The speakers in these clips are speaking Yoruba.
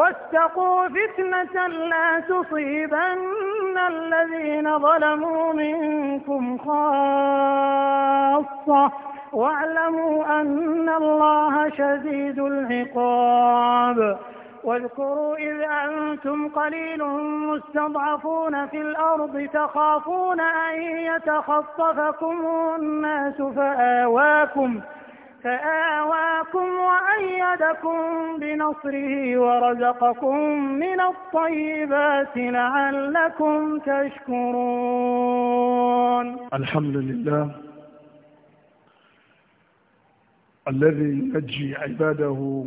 واتقوا فتنة لا تصيبن الذين ظلموا منكم خاصة واعلموا أن الله شديد العقاب واذكروا إذ أنتم قليل مستضعفون في الأرض تخافون أن يتخطفكم الناس فآواكم فآواكم فآواكم وأيدكم بنصره ورزقكم من الطيبات لعلكم تشكرون الحمد لله الذي ينجي عباده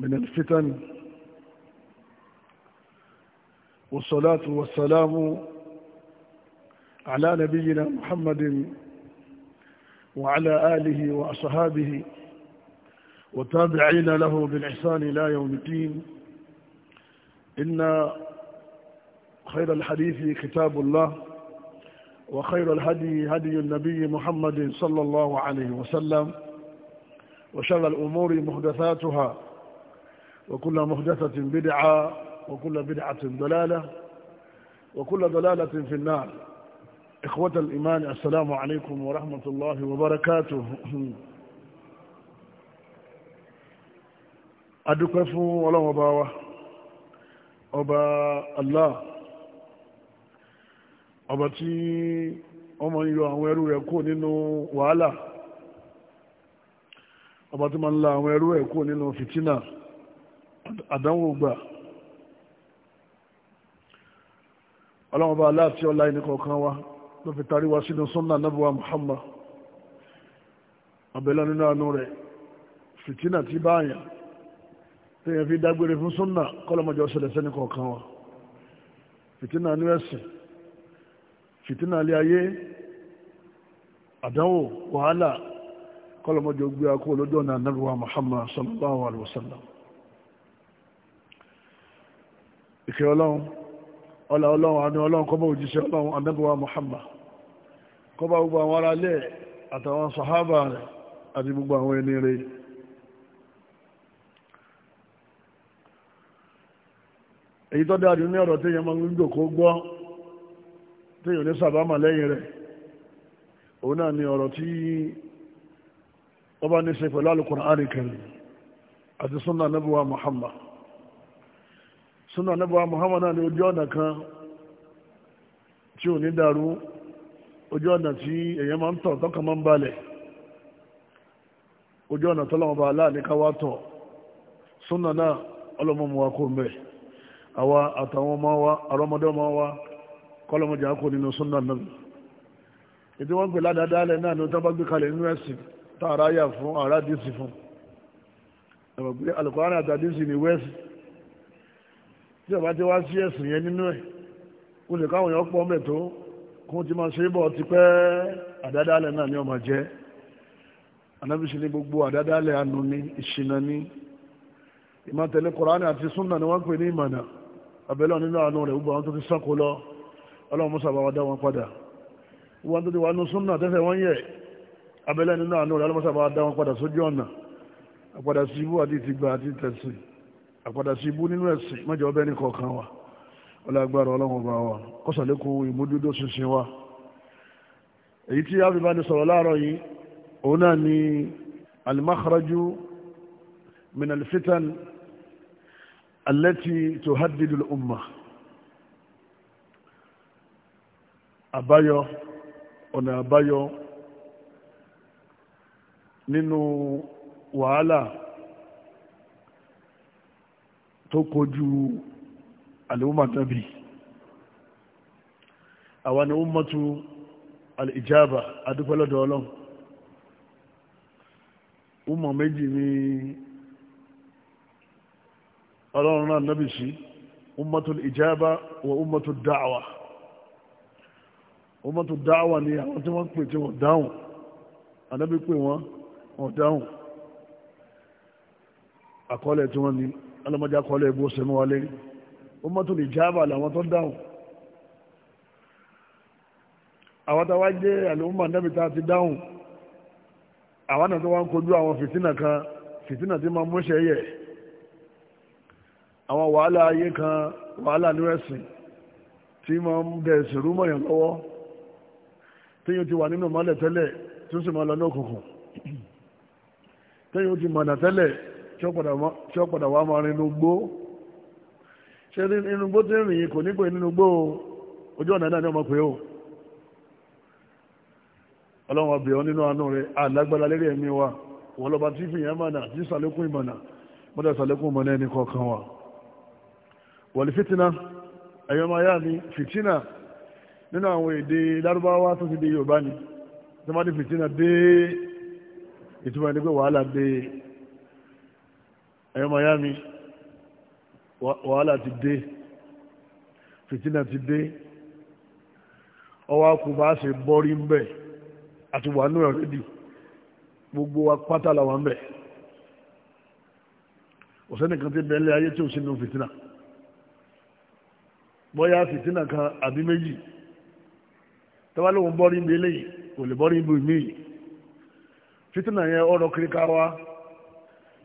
من الفتن والصلاة والسلام على نبينا محمد وعلى آله وأصحابه وتابعين له بالإحسان إلى يوم الدين إن خير الحديث كتاب الله وخير الهدي هدي النبي محمد صلى الله عليه وسلم وشر الأمور محدثاتها وكل محدثة بدعة وكل بدعة ضلالة وكل ضلالة في النار إخوة الإيمان السلام عليكم ورحمة الله وبركاته adúpẹ́ fún ọlọ́run ọba wa ọba Allah ọba tí ọmọ ń yọ àwọn ẹrú rẹ̀ kó nínú wàhálà ọba tí ma ń la àwọn ẹrú rẹ̀ kó nínú fìtínà àdánwò gbà ọlọ́run ọba Allah tí ọlá ẹnìkọ̀ọ̀kan wa ló fi tarí wa sínú sunna nabuwa muhammad abẹ́lẹ́ nínú àánú rẹ̀ fìtínà tí báyà tẹ́yẹ fi dágbére fún sunna kọ́lọ́mọjọ́ ṣẹlẹ̀ sẹ́ni kọ̀ọ̀kan wa fìtínà ní ẹ̀sìn fìtínà ilé ayé àdánwò wàhálà kọ́lọ́mọjọ́ gbé akó olódò náà nabuwa muhammad sallallahu alaihi wasallam ìkẹ́ ọlọ́run ọlá ọlọ́run àní ọlọ́run kọ́bọ̀ òjíṣẹ́ ọlọ́run anábíwá Muhammad kọ́bọ̀ gbogbo àwọn ará lẹ́ àtàwọn sàhábà rẹ̀ àti gbogbo àwọn ẹni rẹ̀ èyí tó dáadé ní ọ̀rọ̀ téèyàn máa ń jòkó gbọ́ téèyàn ní sàbámà lẹ́yìn rẹ̀ òun náà ni ọ̀rọ̀ tí wọ́n bá ní ṣe pẹ̀lú súnà anábọ̀wá muhammad náà ní ojú ọ̀nà kan tí ò ní dàrú ojú ọ̀nà tí èèyàn máa ń tọ̀ tọ́kàn máa ń balẹ̀ ojú ọ̀nà na bá aláàní káwá tọ̀ náà wa kó mbẹ́ àwa àtàwọn ọmọ wa àrọ́mọdé ọmọ wa kọ́lọ́mọdé àkó nínú súnà náà ètò wọn gbé ládàáda lẹ náà ni wọn tábà gbé kalẹ̀ nínú ara yà fún ara fún ni tí ọba ti wá sí ẹ̀sìn yẹn nínú ẹ̀ o lè káwọn èèyàn pọ̀ mẹ́ tó kó ti máa ṣe bọ̀ ti pẹ́ àdádálẹ̀ náà ni ọmọ jẹ́ anábìsí ni gbogbo àdádálẹ̀ anu ni ìṣìnà ni ìmọ̀ tẹ̀lé kọ́ránì àti súnà ni wọ́n pè ní ìmọ̀nà abẹ́lẹ́ nínú àánú rẹ̀ gbogbo àwọn tó ti sọ́kò lọ ọlọ́run musa bá wa dá wọn padà wọn tó ti wà nù súnà tẹ́sẹ̀ wọ́n yẹ abẹ́lẹ́ nínú àánú rẹ̀ ọlọ́run musa bá wa dá wọn padà sójú ọ̀nà àpadà sí àti ìtìgbà àti ìtẹ̀sìn àpàdà sí ibú nínú ẹ̀sìn mọ́jọ ọbẹ̀ ní kọ̀ọ̀kan wa ọlọ́gbàrá ọlọ́run ọba wa kọ́sàlékún ìmúdúdó ṣinṣin wa èyí tí a fi bá ní sọ̀rọ̀ láàárọ̀ yìí òun náà ni alimakharaju min alfitan allati tuhaddidu umma àbáyọ ọ̀nà àbáyọ nínú wàhálà tó kojú al'ummatabi àwọn ummatu al'ijaba adúpẹ́lọ́dọ̀ ọlọ́run umma méjì ni ọlọ́run náà nábi sí ummatu al'ijaba wa ummatu da'awa ummatu da'awa ni àwọn tí wọ́n pè tí wọ́n dáhùn anábi pè wọ́n wọ́n dáhùn àkọọ́lẹ̀ tí wọ́n ni ọlọ́mọdé akọọlẹ̀ ìbò sẹ́nu wọlé ó mọ́tò lè jábà làwọn tó dáhùn àwọn táwa jẹ́ àlùmọ́ nẹ́bi tá a ti dáhùn àwọn náà tó wá ń kojú àwọn fìtínà kan fìtínà tí máa múṣẹ́ yẹ̀ àwọn wàhálà ayé kan wàhálà ní ẹ̀sìn tí máa ń bẹ̀ ṣèrú mọ̀yàn lọ́wọ́ téyàn ti wà nínú mọ́lẹ̀ tẹ́lẹ̀ tó sì máa lọ ní òkùnkùn téyàn ti mọ̀nà tẹ́lẹ̀ tí ó padà wá máa rin inú gbó ṣé inú gbó tí ń rìn yìí kò nígbò ojú ọ̀nà náà ni ọmọ pé o ọlọ́run ọ nínú àánú rẹ̀ alágbára lérí ẹ̀mí wa wọ́n lọ́ba tí fìyàn mọ̀nà tí sàlékún ìmọ̀nà sàlékún ìmọ̀nà ẹni kọ̀ọ̀kan wa wọ̀lì ẹ̀yọ́ máa yá ni nínú àwọn ni dé ìtumọ̀ ẹni ẹ̀yọ́ miami wàhálà ti dé fìtínà ti dé ọwọ́ akù bá ṣe bọ́rí ń bẹ̀ àti wà ní ọ̀rẹ́dì gbogbo wa pátá làwọn bẹ̀ òsẹ́nìkan ti bẹ̀ẹ́lẹ̀ ayé tí ò sínú fìtínà bọ́yá fìtínà kan àbí méjì tọ́wá lóun bọ́rí ń bẹ̀ kò lè bọ́rí ń bẹ̀ fìtínà yẹn ọ̀rọ̀ kiri ká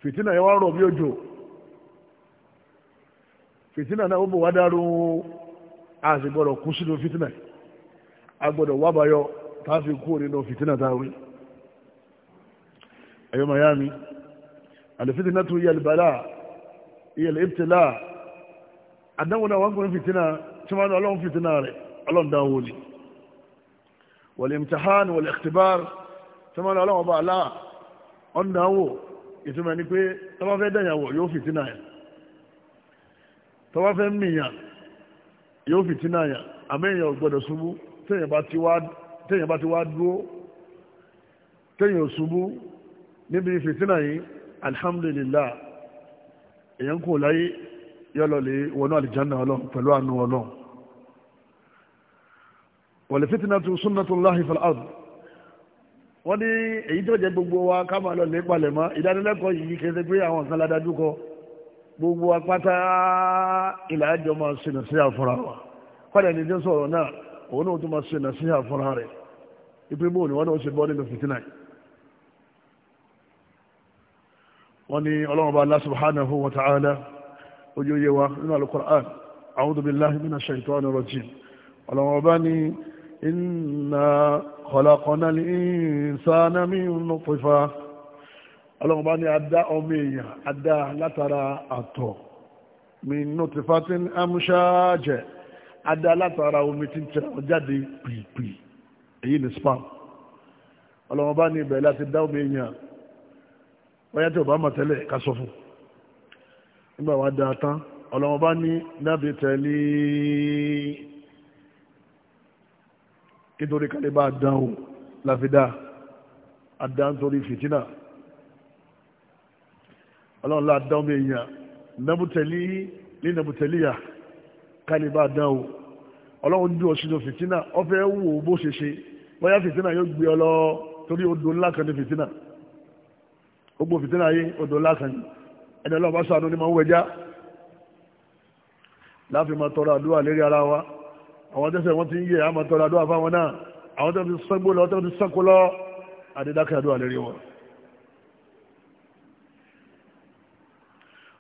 fìtínà yẹn wá rọ̀ bí òjò fìtínà náà ó bò wá dárú a sì gbọ́dọ̀ kú sínú fìtínà a gbọ́dọ̀ wá bayọ tá a fi kú nínú fìtínà tá a wí. ẹ̀yọ́ miami àlùfìtínà tún yẹ àlùbálà yẹ àlùbítìlà àdánwò náà wọ́n kún fìtínà tí wọ́n lọ́wọ́ fìtínà rẹ̀ ọlọ́run dáwọ́ ni. wal imtihan wal ikhtibar tí wọ́n lọ́wọ́ bá a láà ọ̀ ìtumọ̀ ni pé tọ́wọ́ fẹ́ dẹ̀yàwó yóò fi tínà yà tọ́wọ́ fẹ́ mìyàn yóò fi tínà yà àmẹ́yàn gbọ́dọ̀ ṣubú téèyàn bá ti wá dúró téèyàn ṣubú níbi fìtínà yìí alhamdulillah èyàn kò láyé yọ́lọ lè wọnú àlìjánà ọlọ́run pẹ̀lú àánú ọlọ́run wal fitnatu sunnatullahi fil ard wọ́n ní èyí tó jẹ́ gbogbo wa ká máa lọ lè palẹ̀ mọ́ ìdánilẹ́kọ̀ọ́ yìí kì í ṣe pé àwọn kan ládájú kọ gbogbo apáta na àjọ máa ṣìnà sí àfúnra wa kọ́dà ní jésù ọ̀rọ̀ náà òun náà tún máa ṣìnà sí àfúnra rẹ̀ ipe bóun ni wọ́n náà ṣe bọ́ nínú fìtínà yìí. wọ́n ní ọlọ́run bá ojú wa nínú khalaqnal insana min nutfa ọlọ́run bá ní adá ọmọ èèyàn adá látara àtọ̀ min nutfatin amshaj adá látara omi tí ń tẹ ọjáde pìpì èyí ni spam ọlọ́run bá ní ibẹ̀ láti dá ọmọ èèyàn wáyá tí ò bá mọ̀ tẹ́lẹ̀ ká sọ fún nígbà wàá dáa tán ọlọ́run bá ní nábì tẹ́lẹ̀ nítorí kálí bá dán o láfidá àdántorí fìtínà ọlọ́run lá dán bí èèyàn nàbùtẹ̀lì ní nàbùtẹ̀lìyà kálí bá dán o ọlọ́run ju ọ̀ṣinú fìtínà ọ̀fẹ́ wò bó ṣe ṣe bóyá fìtínà yóò gbé ọ lọ torí odò ńlá kan ní fìtínà gbogbo fìtínà yé odò ńlá kan ní ẹni ọlọ́run bá sànú ni máa ń wẹjá láfi máa tọrọ àdúrà lérí ara wa àwọn tẹ́sẹ̀ wọ́n ti ń yẹ àmọ́ tọ́ra àdúrà fáwọn náà àwọn tẹ́sẹ̀ ti sọ́gbó lọ tẹ́sẹ̀ ti sọ́kó lọ àdídákẹ́ àdúrà lérí wọn.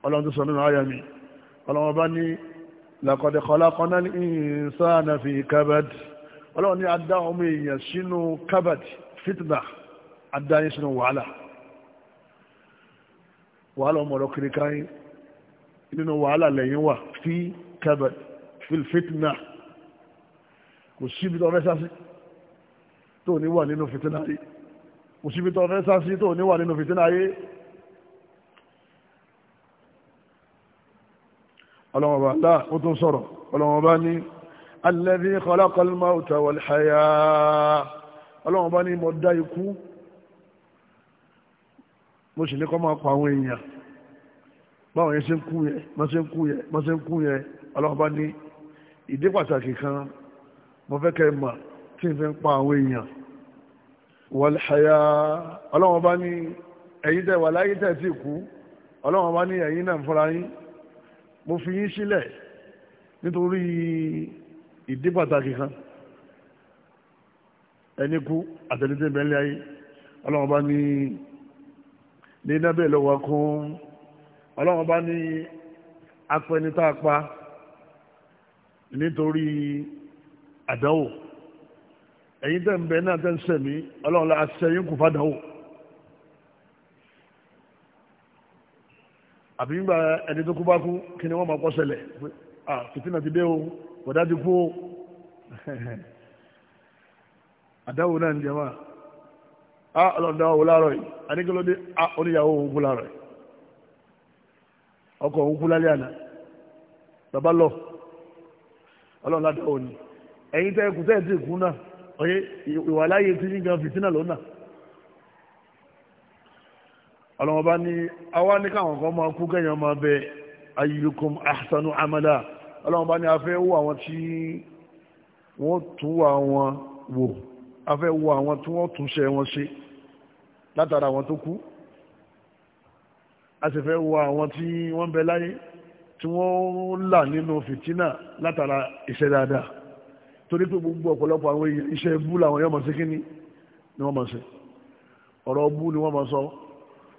ọlọ́run ti sọ nínú àyà mi ọlọ́run bá ní laqad khalaqnal insana fi kábàdì ọlọ́run ní adá ọmọ èèyàn sínú kábàdì fitna adá yín sínú wàhálà wàhálà ọmọ ọ̀rọ̀ kiri káyín nínú wàhálà lẹ́yìn wà fi kábàdì fil fitna kò síbi tó fẹ́ sásí tó ní wà nínú fìtínà ayé kò síbi tó fẹ́ sásí tó ní wà nínú fìtínà ayé ọlọ́mọba láà ó tún sọ̀rọ̀ ọlọ́mọba ní alladhi khalaqal mawta ọlọ́mọba ní mo dá ikú mo sì ní kọ́ máa pa àwọn èèyàn báwọn yẹn ṣe ń kú yẹ mọ́ ṣe ń kú yẹ ọlọ́mọba ní ìdí pàtàkì kan mo fẹ́ kẹ́ mọ̀ tí n fi ń pa àwọn èèyàn wàlhàyà ọlọ́wọ́n bá ní ẹ̀yin tẹ́ wà láyé tẹ́ ti kú ọlọ́wọ́n bá ní ẹ̀yin náà fúnra yín mo fi yín sílẹ̀ nítorí ìdí pàtàkì kan ẹni kú àtẹnudẹ́ bẹ́ẹ̀lẹ́ ayé ọlọ́wọ́n bá ní ní nábẹ́ lọ́wọ́ kún ọlọ́wọ́n bá ní apẹnitá pa nítorí àdánwò ẹ̀yin tẹ́ ń bẹ náà tẹ́ ń sẹ̀mí ọlọ́run la sẹ́yìn kò fàdánwò àbí nígbà ẹni tó kú bá kú kí ni wọ́n máa kọ́ ṣẹlẹ̀ ah fìtínà ti dé o bọ̀dá ti kú o àdánwò náà ń jẹ máa ah ọlọ́run dáwọ́ wò láàárọ̀ yìí àníkélódé ah oníyàwó òun kú láàárọ̀ yìí ọkọ òun kú lálẹ́ àná bàbá lọ ọlọ́run ládàá òní ẹ̀yin tẹ́ ẹkùn tẹ́ẹ̀tì ìkú náà ọ̀yẹ́ ìwà láyé tí yín gan fìtínà lọ́nà ọlọ́wọ́n bá ní ní káwọn kan máa kú kẹ́yìn ọmọ abẹ ayyukum ahsanu amala ọlọ́wọ́n bá ní afẹ́ wọ àwọn tí wọ́n tún wọ àwọn wò afẹ́ wọ àwọn tí wọ́n tún ṣe wọn ṣe látara àwọn tó kú a sì fẹ́ wọ àwọn tí wọ́n bẹ láyé tí wọ́n là nínú fìtínà látara iṣẹ́ dáadáa torí pé gbogbo ọ̀pọ̀lọpọ̀ àwọn èèyàn iṣẹ́ ibú làwọn yóò máa ṣe kíní ni wọ́n máa ṣe ọ̀rọ̀ ibú ni wọ́n máa sọ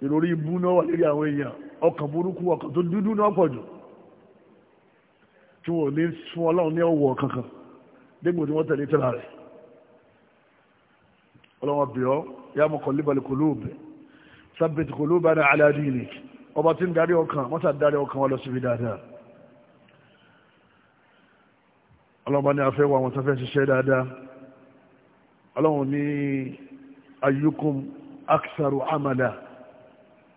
ìròrí ibú náà wà lórí àwọn èèyàn ọkàn burúkú ọkàn tó dúdú náà pọ̀ jù tí wọn ò ní fún ọlọ́run ní ọ̀wọ̀ kankan dégbò tí wọ́n tẹ̀lé tẹ́lá rẹ̀ ọlọ́wọ́n bì ọ́ yá mọ̀ kọ́ líbalẹ̀ kò lóòbẹ̀ sábẹ̀tì kò lóòbẹ̀ ọba tí ń darí ọkàn wọ́n darí ọkàn wọn lọ síbi dáadáa ọlọ́ba ní afẹ́wọ̀ àwọn tó fẹ́ ṣiṣẹ́ dáadáa ọlọ́run ní ayyukum aksaru amada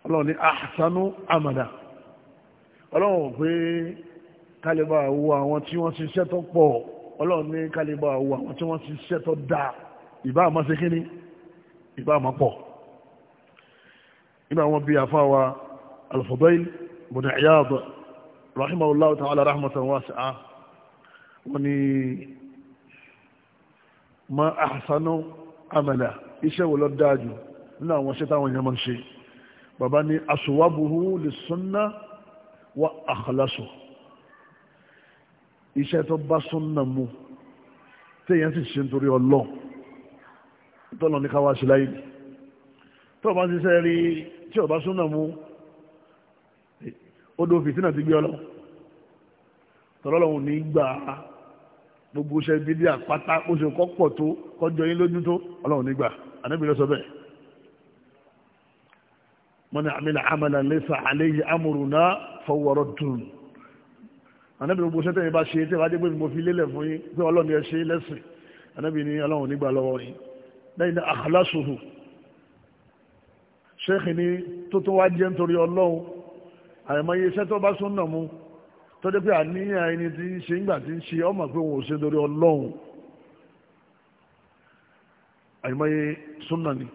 ọlọ́run ní ahsanu amada ọlọ́run pé kálíbà wo àwọn tí wọ́n ṣiṣẹ́ tó pọ̀ ọlọ́run ní kálíbà wo àwọn tí wọ́n ṣiṣẹ́ tó dáa ìbá àmọ́ ṣe kíní ìbá àmọ́ pọ̀ nígbà wọn bí àfáwa al-Fudayl ibn Iyad rahimahullahu ta'ala rahmatan wasi'a wọ́n ní ma àṣánú àmàlà iṣẹ́ wo lọ dáájú nínú àwọn iṣẹ́ táwọn èèyàn máa ń ṣe bàbá ní aṣòwábùhù lè súnná wà àkàlásọ̀ iṣẹ́ tó bá súnná mu téèyàn sì ṣe nítorí ọlọ́ tọ́lọ ní káwá sí láyé tó bá ti sẹ́ rí tí ọba súnná mu odò fìtínà ti gbé ọlọ́ tọ́lọ́lọ́hùn ní gbà á gbogbo iṣẹ́ ibi díà pátá ó ṣe kọ́ pọ̀ tó kọjọ yín lójú tó ọlọ́run nígbà ànábì lọ́sọ bẹ́ẹ̀. wọ́n ní àmì àmàlà lẹ́sà àléyé amúrùnà fọwọ́rọ́ dùn. ànábì gbogbo iṣẹ́ tẹ̀yìn bá ṣe tẹ̀ bá dé pé mo fi lélẹ̀ fún yín pé ọlọ́run yẹn ṣe lẹ́sìn ànábì ọlọ́run nígbà lọ́wọ́ yín. lẹ́yìn náà àkàlásùhù ṣéèkì ni tó tó wá jẹ́ nítorí ọlọ́run àyàmáyé tọ́jú pé àníyàn ẹni tí ń ṣe ńgbà tí ń ṣe ọmọ pé òun ò ṣe lórí ọlọ́run àyùmáyé súnàní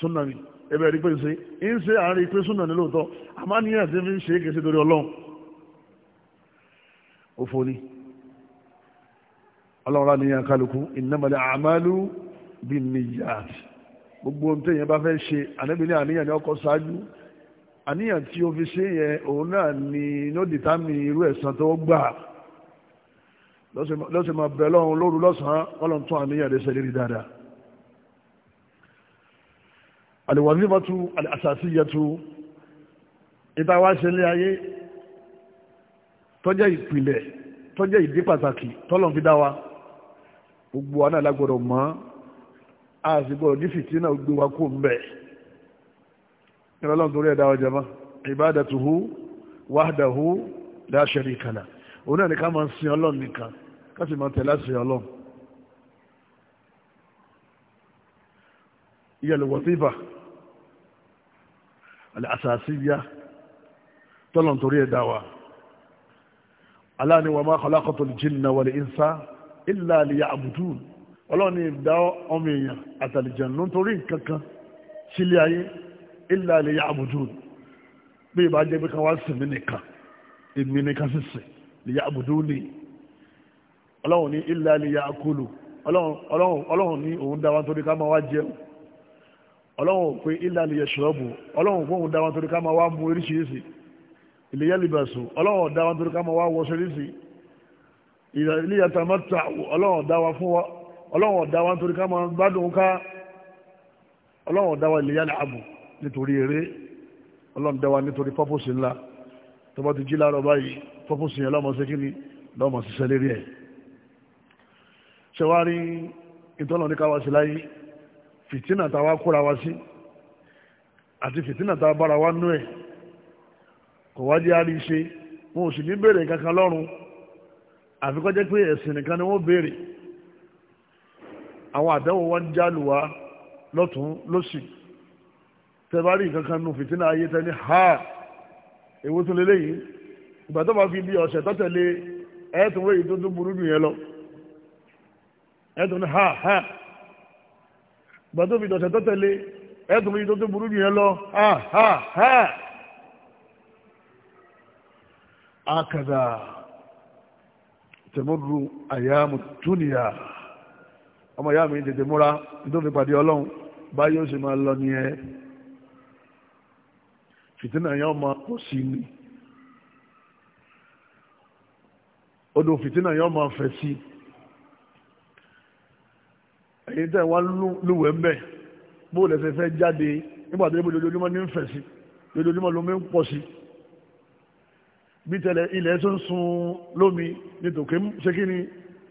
súnàní ẹbẹ̀ rí pé ń ṣe ń ṣe àárín pé súnàní lóòótọ́ àmọ́ àníyàn tí ń fi ń ṣe é kìí ṣe lórí ọlọ́run òfò ni ọlọ́run àníyàn kálukú ìnámalẹ̀ àmàlú bí nìyàtì gbogbo ohun tẹ̀yìn bá fẹ́ ṣe ànábìlẹ̀ àníyàn ni ọkọ̀ ṣáájú àníyàn tí o fi ṣe yẹn òun náà ni ló dìtámì irú ẹ̀san tó gbà lọ́sẹ̀ máa bẹ̀ lọ́hùn lóru lọ́sàn-án ọlọ́run tún àníyàn rẹ̀ ṣẹlẹ̀ rí dáadáa. àlèwọ̀nìmọ̀tú àṣàṣìyẹ̀tú ìta wá ṣe ilé ayé tọ́jẹ́ ìpìlẹ̀ tọ́jẹ́ ìdí pàtàkì tọ́lọ̀ fi dá wa gbogbo wa náà lágbọ́dọ̀ mọ́ a sì gbọ́dọ̀ ní fìtínà gbé wa kó ń ìrọlọ́n torí ẹ̀dá ọjà mọ́ ìbádàtuhu wahdahu la sharika lah òun náà ní ká máa sin ọlọ́run nìkan ká sì máa tẹ̀lé àṣẹ ọlọ́run ìyẹ̀lẹ̀ wọ̀tífà àṣàṣìyà tọ́lọ̀n torí ẹ̀dá wa Allah ni wa ma khalaqatul jinna wal insa illa liya'budun ọlọ́run ni ìdá ọmọ èèyàn àtàlìjàn ló ń torí nǹkan kan sílé ayé illa liya'budun bí ìbá jẹ́ pé kan wá sí mi nìkan èmi nìkan sì sìn liya'buduni ọlọ́run ní illa liya'kulu ọlọ́run ní òun dá wa nítorí ká máa wá jẹun ọlọ́run pé illa liyashrabu ọlọ́run pé òun dá wa nítorí ká máa wá mu oríṣiríṣi liyalbasu ọlọ́run dá nítorí ká máa wá wọṣọ oríṣi ìlẹ́yàtàmọ́ta ọlọ́run dá fún wa ọlọ́run dá nítorí ká nítorí eré ọlọ́run dá wa nítorí pọ́pọ́sì ńlá tó bá ti jí láàárọ̀ báyìí pọ́pọ́sì yẹn lọ́mọ sí kí ni lọ́mọ ṣiṣẹ́ lérí ẹ̀ ṣẹwárí ìtọ́nà ní káwá sí láyé fìtínà táwa kóra wa sí àti fìtínà táwa bára wa nú ẹ̀ kò wá jẹ́ àrí ṣe wọn ò sì ní béèrè kankan lọ́rùn àfikọ́ jẹ́ pé ẹ̀sìn nìkan ni wọ́n béèrè àwọn àdánwò wọn jálùwá lọ́tún lọ́sìn tẹ̀bárí kankan nu fìtínà ayé tẹ́lẹ̀ ha èwo tún lélẹ́yìí ìgbà tó bá fi bí ọ̀sẹ̀ tọ́tẹ̀lé ẹ̀ẹ́tùn wéyìí tó tún burú jù yẹn lọ ẹ̀ẹ́tùn ní ha ha ìgbà tó fi ọ̀sẹ̀ tọ́tẹ̀lé ẹ̀ẹ́tùn wéyìí tó tún burú jù yẹn lọ ha ha ha akada tẹmọdún àyàmù túnìyà ọmọ ìyá mi tètè múra nítorí pàdé ọlọ́run báyọ̀ sì máa lọ nìyẹn fìtínà yẹn ọmọ pọ̀ sí ni odò fìtínà yẹn ọmọ fẹ̀ sí ẹ̀yin tẹ́ wá lúwẹ̀ ń bẹ̀ bóòlù ẹ̀fẹ̀ fẹ́ jáde nígbà tó yẹ kó lójoojúmọ́ ní ń fẹ̀ sí lójoojúmọ́ lómi ń pọ̀ sí bí tẹ́lẹ̀ ilẹ̀ tó ń sun lómi ní tòkè ṣe kí ni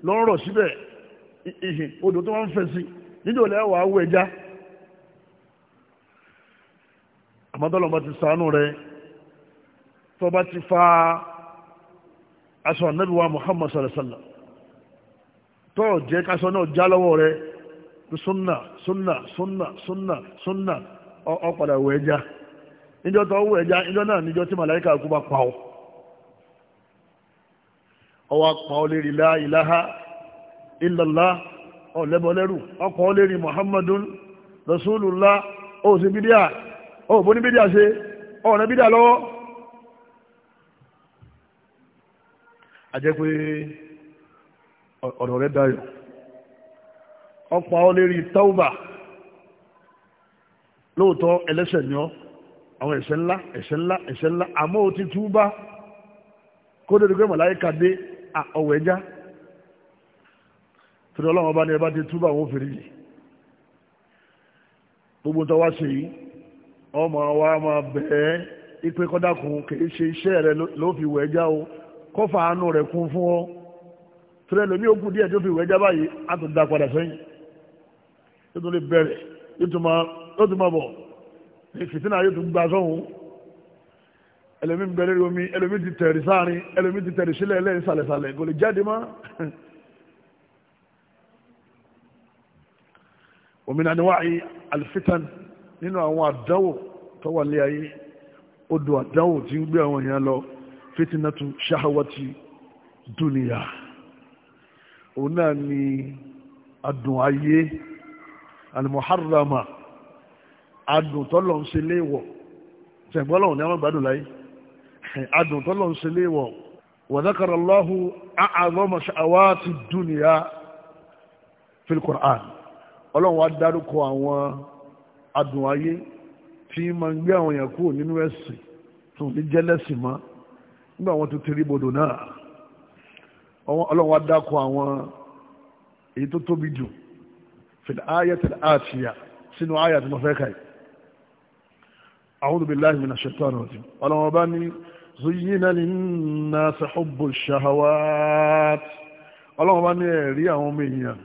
lọ́rọ̀ síbẹ̀ ìhìn odò tó wá ń fẹ̀ sí níjọ́ lẹ́wàá wẹ̀já. àmọ́tọ́lọ́ bá ti sànú rẹ tó bá ti fa aṣọ anábìwá Muhammad sallallahu alaihi wasallam tó jẹ́ káṣọ náà já lọ́wọ́ rẹ sunna sunna sunna sunna sunna ọ padà wọ ẹja níjọ́ tó wọ ẹja níjọ́ náà níjọ́ tí màláìka kú bá pa ọ́ ọwọ́ pa ọ́ lérí la ilaha illallah ọ̀lẹ́bọ̀lẹ́rù ọkọ̀ lérí Muhammadun rasulullah ó bídíà ó oh, bó ní bídíà ṣe oh, ọ̀nà bídíà lọ́wọ́ a jẹ́ pé ọ̀rọ̀ rẹ̀ dayọ̀ ọ̀pọ̀ ọ lérí tauba lóòótọ́ ẹlẹ́ṣẹ̀ ni ọ́ àwọn ẹ̀ṣẹ̀ ńlá ẹ̀ṣẹ̀ ńlá ẹ̀ṣẹ̀ ńlá àmọ́ ó ti túbá kó dé dùgbẹ́ màláyíká dé ọ̀wẹ̀ já torí ọlọ́run ọba ni ẹ bá ti túbá àwọn òfin yìí gbogbo tó wá ṣe yìí ọmọ wa máa bẹ̀ẹ́ ipe kọ́dákun kìí ṣe iṣẹ́ rẹ ló fi wẹ̀ já o kọ́fà àánú rẹ̀ kún fún ọ tẹ́lẹ̀ lómi òkú díẹ̀ tó fi wẹ̀ já báyìí á tó da padà sẹ́yìn yóò tún lè bẹ̀rẹ̀ yóò tún máa bọ̀ fìtínà yóò tún gba sọ́hun ẹlòmí bẹ̀rẹ̀ omi ẹlòmí ti tẹ̀rì sáàrin ẹlòmí ti tẹ̀rì sílẹ̀ ẹlẹ́yìn sàlẹ̀sàlẹ̀ kò lè jáde mọ́ òmìnira ni wáyé alifitan nínú àwọn àdánwò tó wà ní ayé odò àdánwò tí ń gbé àwọn èèyàn lọ fitinatu shahawati duniya òun náà ni adùn ayé alimuharama adùn tọ́lọ̀ ń ṣe léèwọ̀ tẹ̀gbọ́lọ̀ ní àwọn gbádùn láyé adùn tọ́lọ̀ ń ṣe léèwọ̀ wàdákàrọ̀lọ́hù àárọ̀mọ̀ shahawati duniya fil Qur'an ọlọ́run wá dárúkọ àwọn adùn ayé tí máa ń gbé àwọn èèyàn kúrò nínú ẹ̀sìn tó ní jẹ́lẹ́sìn mọ́ nígbà wọn tó tẹ̀lé bodò náà ọlọ́run wá dákọ̀ àwọn èyí tó tóbi jù fìlà ayé tẹ̀lé àtìyà sínú ayé àti mọ̀fẹ́ káyì أعوذ بالله من الشيطان الرجيم ولو بني زين للناس حب الشهوات ولو بني ريا وميا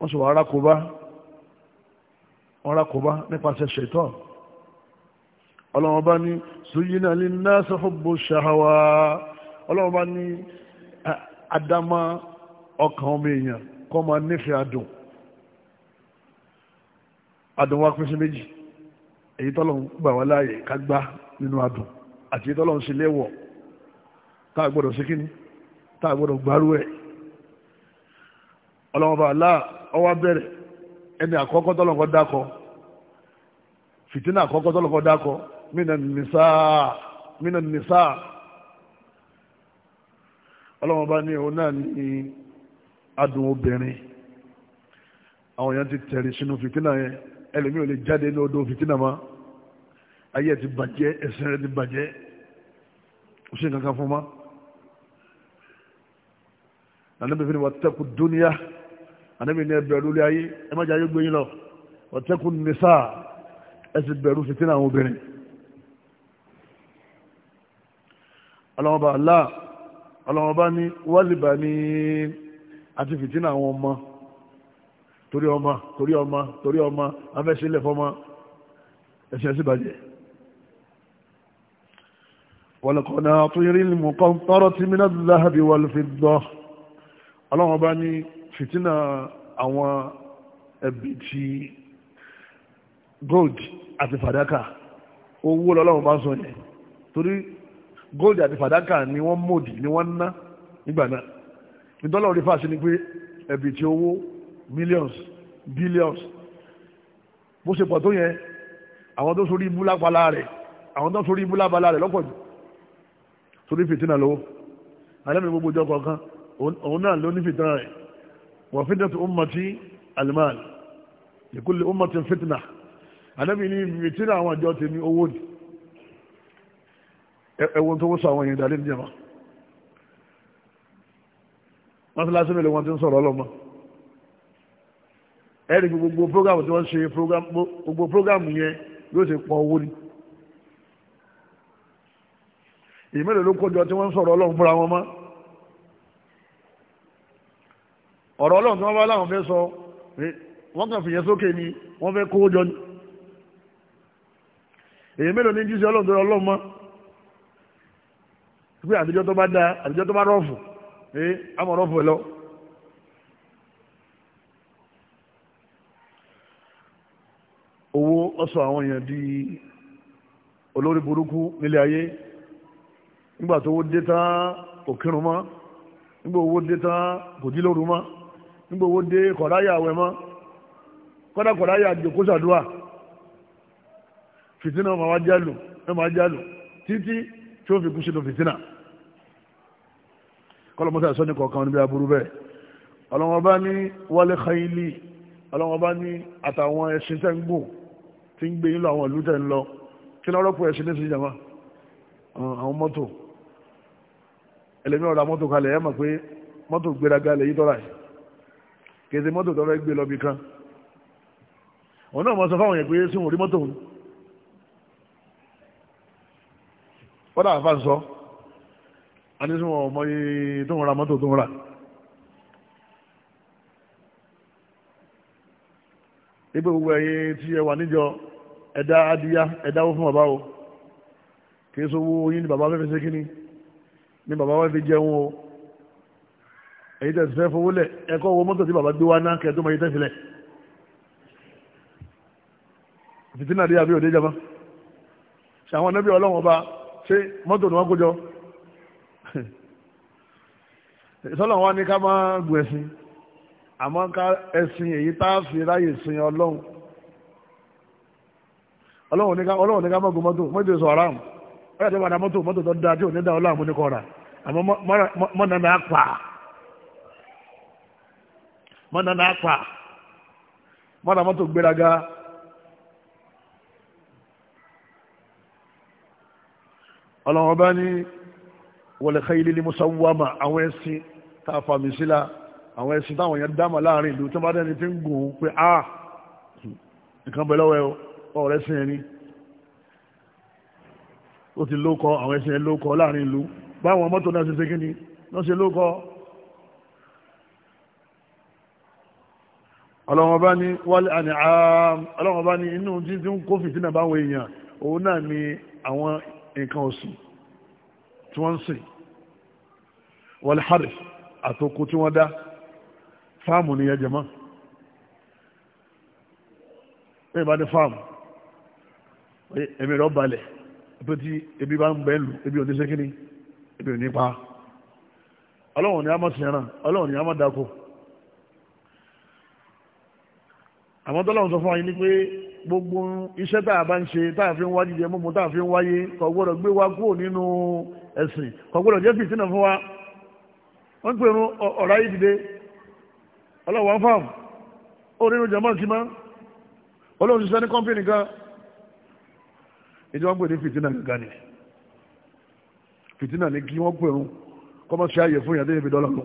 wọ́n sọ arákùbá wọ́n rákòbá nípasẹ̀ ṣètọ́ ọlọ́wọ́n bá ní ṣúyínà lè ná sọ́fọ́bù ṣàwà ọlọ́wọ́n bá ní àdámá ọkàn ọmọ èèyàn kọ́ ma nífẹ̀ẹ́ adùn adùn wa pín sí méjì èyí tọ́lọ́hun gbà wá láàyè ká nínú adùn àti èyí tọ́lọ́hun sí léwọ̀ tá a gbọ́dọ̀ sí kíní tá a gbọ́dọ̀ gbárù ẹ̀ ọlọ́wọ́n aláà ọwá bẹ̀rẹ̀ ẹni àkọ́kọ́ tọ́lọ́kọ́ dákọ́ fìtínà àkọ́kọ́ tọ́lọ́kọ́ dákọ́ mínà nìsá mínà nìsá ọlọ́wọ́n bá ní òun náà ní adùn obìnrin àwọn èèyàn ti tẹ̀rí sínú fìtínà yẹn ẹlòmí ò lè jáde ní odò fìtínà ma ayé ti bàjẹ́ ẹ̀sìn rẹ̀ ti bàjẹ́ kò sí nǹkan kan fún ma nàní fi ni wà tẹ́kù dúníyà ànábì ní ẹbẹ̀rù lórí ayé ẹ má jáyé gbé yín lọ ọ̀tẹ́kùn ní sáà ẹ sì bẹ̀rù fìtínà àwọn obìnrin ọlọ́mọba aláà ọlọ́mọba ní wálìbà ní àti fìtínà àwọn ọmọ torí ọmọ torí ọmọ torí ọmọ afẹ́sílẹ̀ fọmọ ẹ̀sìn ẹ̀sìn bàjẹ́ wọ̀lọ̀kọ̀nà àtúnyẹrí mùkọ́ tọ́rọ̀ tí mínà dáhàbí wọ̀lùfẹ́ gbọ́ ọlọ́mọba ní fitina àwọn ẹbí ti gold àti fàdákà owó lọ́lọ́run bá ń sọ yẹn torí gold àti fàdákà ni wọ́n mòdì ni wọ́n ná nígbà náà ìdọ́lọ́run rí fàṣẹ ni pé ẹbí ti owó millions billions bó ṣe pọ̀ tó yẹn àwọn tó sorí ibú lápalá rẹ̀ àwọn tó sorí ibú lápalá rẹ̀ lọ́pọ̀ jù torí fìtínà lówó alẹ́ mi gbogbo ìjọ kọ̀ọ̀kan òun náà ló ní fìtínà rẹ̀ وفتنة أمتي المال لكل أمة فتنة Ànábì ní fìtínà àwọn àjọ tèmi owó ni ẹwọ́n tó wọ́sọ àwọn èèyàn ìdálé ní jẹma mọ́sálásí mẹ́lẹ̀ wọ́n ti ń sọ̀rọ̀ ọlọ́mọ ẹ̀rì gbogbo prógámù tí wọ́n ṣe gbogbo prógámù yẹn yóò ṣe pọ̀ owó ni ìmẹ́lẹ̀ ló kọjọ tí wọ́n ń sọ̀rọ̀ ọlọ́mọ fúnra wọn mọ́ ọ̀rọ̀ ọlọ́run tí wọ́n bá láwọn fẹ́ sọ wọ́n kàn fìyẹn sókè ni wọ́n fẹ́ kó jọ ni èyí mélòó ní jíṣẹ́ ọlọ́run tó rọ ọlọ́run mọ́ pé àtijọ́ tó bá àtijọ́ tó bá rọ́ọ̀fù ee àmọ́ rọ́ọ̀fù lọ. owó ọsọ àwọn èèyàn di olórí burúkú nílé ayé nígbà tó dé tán kò kírun mọ́ nígbà owó dé tán nígbà owó dé kọ̀ráyà àwẹ̀ mọ́ kọ́dà kọ̀ráyà àjòkó sàdúrà fìtínà ọmọ wa jálù ẹ máa jálù títí tí ó fi kú sínú fìtínà kọ́lọ́mọ́sá ìsọ́ni kọ̀ọ̀kan níbi aburú bẹ́ẹ̀ ọlọ́wọ́n bá ní wálé khayli ọlọ́wọ́n bá ní àtàwọn ẹṣin tẹ́ ń gùn tí ń gbé yín lọ àwọn ìlú tẹ́ ń lọ kí lọ́rọ́pọ̀ ẹṣin ní sí ìjàmá àwọn mọ́tò ẹlẹ́mí mọ́tò kalẹ̀ ẹ mọ̀ pé mọ́tò gbéraga lè tọ́ra yìí kèsè mọ́tò tó fẹ́ gbé lọ bí kan òun náà mọ sọ fáwọn yẹn pé sí òun rí mọ́tò òun fọ́dà àfa sọ a ní sún ọmọ yìí tó ń ra mọ́tò tó ń rà ibi gbogbo ẹ̀yin tí ẹ wà níjọ ẹ̀dá adíyá ẹ̀dáwó fún bàbá o kì owó yín ni bàbá fẹ́ fi ṣe kíní ni bàbá fẹ́ fi jẹun o èyí tẹ̀ fẹ́ fowó lẹ̀ ẹ̀kọ́ owó mọ́tò tí bàbá gbé wá náà kẹ́ẹ̀tọ́ máa yí tẹ́sílẹ̀ fìtínà dé àbí òde jama ṣe àwọn anábì ọlọ́run ọba ṣé mọ́tò ni wọ́n kó jọ sọ́lọ̀ wọn ni ká máa gùn ẹ̀sìn àmọ́ ká ẹ̀sìn èyí tá a fi ráyè sin ọlọ́run ọlọ́run ní ká ọlọ́run ní ká mọ́gun mọ́tò mọ́tò sọ aram ọ̀rẹ́ àti wàdà mọ́tò mọ́tò tó dáa tí ò ní dáa ọlọ́run ní àmọ́ mọ́nà náà pàá mọ́nà náà pa mọ́nà mọ́tò gbéraga ọlọ́wọ́n bá ní wọlé xeyìlì ni musa wàmà àwọn ẹṣin tá a fàmì sí la àwọn ẹṣin táwọn yẹn dáàmà láàrin ìlú tó bá dẹni tí ń gùn pé a nǹkan bẹ lọ́wọ́ ẹ ọ̀rẹ́ sìn ẹni ó ti lókọ àwọn ẹṣin ẹ lókọ láàrin ìlú báwọn mọ́tò náà ṣe ṣe kí ni wọ́n ṣe lókọ. ọlọ́wọ́n bá ní wal an'am ọlọ́wọ́n bá ní inú tí tí ń kó fìtínà báwọn èèyàn òun náà ni àwọn nǹkan ọ̀sìn tí wọ́n ń sìn wal harth àtòkù tí wọ́n dá fáàmù ni ẹjẹ̀ mọ́ bẹ́ẹ̀ bá ní fáàmù ẹ̀mí rẹ̀ balẹ̀ pé tí ebi bá ń bẹ́ lù ebi ò ní sẹ́kínní ebi ò ní pa ọlọ́wọ́n ni a máa sìn ẹran ọlọ́wọ́n ni a máa dáko àmọ́ tọ́lọ́run sọ fún ayé ní pé gbogbo iṣẹ́ tá a bá ń ṣe tá a fi ń wá jíjẹ mímu tá a fi ń wáyé kò gbọ́dọ̀ gbé wa kúrò nínú ẹ̀sìn kò gbọ́dọ̀ jẹ́ fìtínà fún wa wọ́n ń pè ní ọ̀rá yìí dìde ọlọ́wọ́n fáàmù ó nínú jẹ̀mọ́ kí máa olóhùn ṣiṣẹ́ ní kọ́mpìnì kan ìjọba ń pè ní fìtínà gàgà ni fìtínà ni kí wọ́n pèrún kọ́mọ́ sí ààyè fún ìyàtọ̀ ìbí dọ́là lọ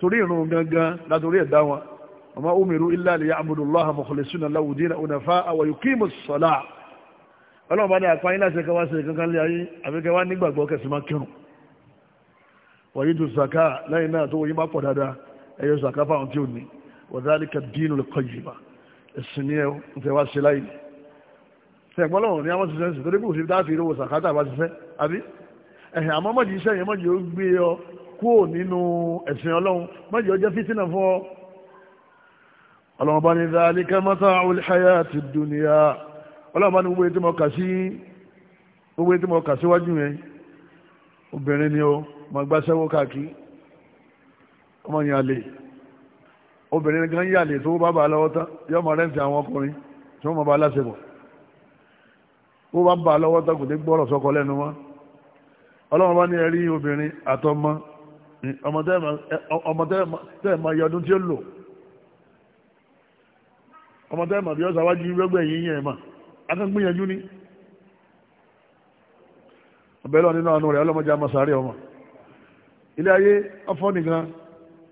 torí ìrun gangan látòrí ẹ̀dá wọn وما أمروا إلا ليعبدوا الله مخلصين له دين أنفاء ويقيموا الصلاة ọlọ́run bá ní àpá yín láti ẹ̀kọ́ wá sí kankan lé ayé àbíkẹ́ wá nígbàgbọ́ kẹsì máa kírun wọ̀nyí tó sàká lẹ́yìn náà tó wọ́yí bá pọ̀ dáadáa ẹ̀yọ sàká fáwọn tí ò ní wadhalika ad-dīnu al-qayyim ẹ̀sìn ní ẹ̀ ń fẹ́ wá sí láyé sẹ̀gbọ́n lọ́wọ́ ní àwọn ṣiṣẹ́ ṣètò débù síbi táàfin ìrówó sàká ọlọ́mọba ní zalika mata'ul hayati dunya ọlọ́mọba ní gbogbo ètí mọ̀ kà síwájú yẹn obìnrin ni ó ma gbáṣẹ́wó káàkiri ọmọ ìyàlè obìnrin kan yàlè tó bá bàá lọ́wọ́ tán yọ ọmọ rẹ́ǹtì àwọn ọkùnrin tí wọ́n mọ̀ bá láṣepọ̀ ó bá bàá lọ́wọ́ tán kò ní gbọ́rọ̀ sọ́kọ lẹ́nu wọn ọlọ́run bá ní ẹ̀rí obìnrin àtọmọ ọmọ tẹ́ẹ̀ máa yọ ọdún tí ó lò ọmọ tẹ́ mọ̀ bí ọ̀sà wájú rẹ́gbẹ̀ yìí yẹn mọ̀ akẹ́gbìyànjú ni ọ̀bẹ̀lọ nínú àánú rẹ̀ ọlọ́mọdé amasáré ọmọ ilé ayé ọfọ́ nìkan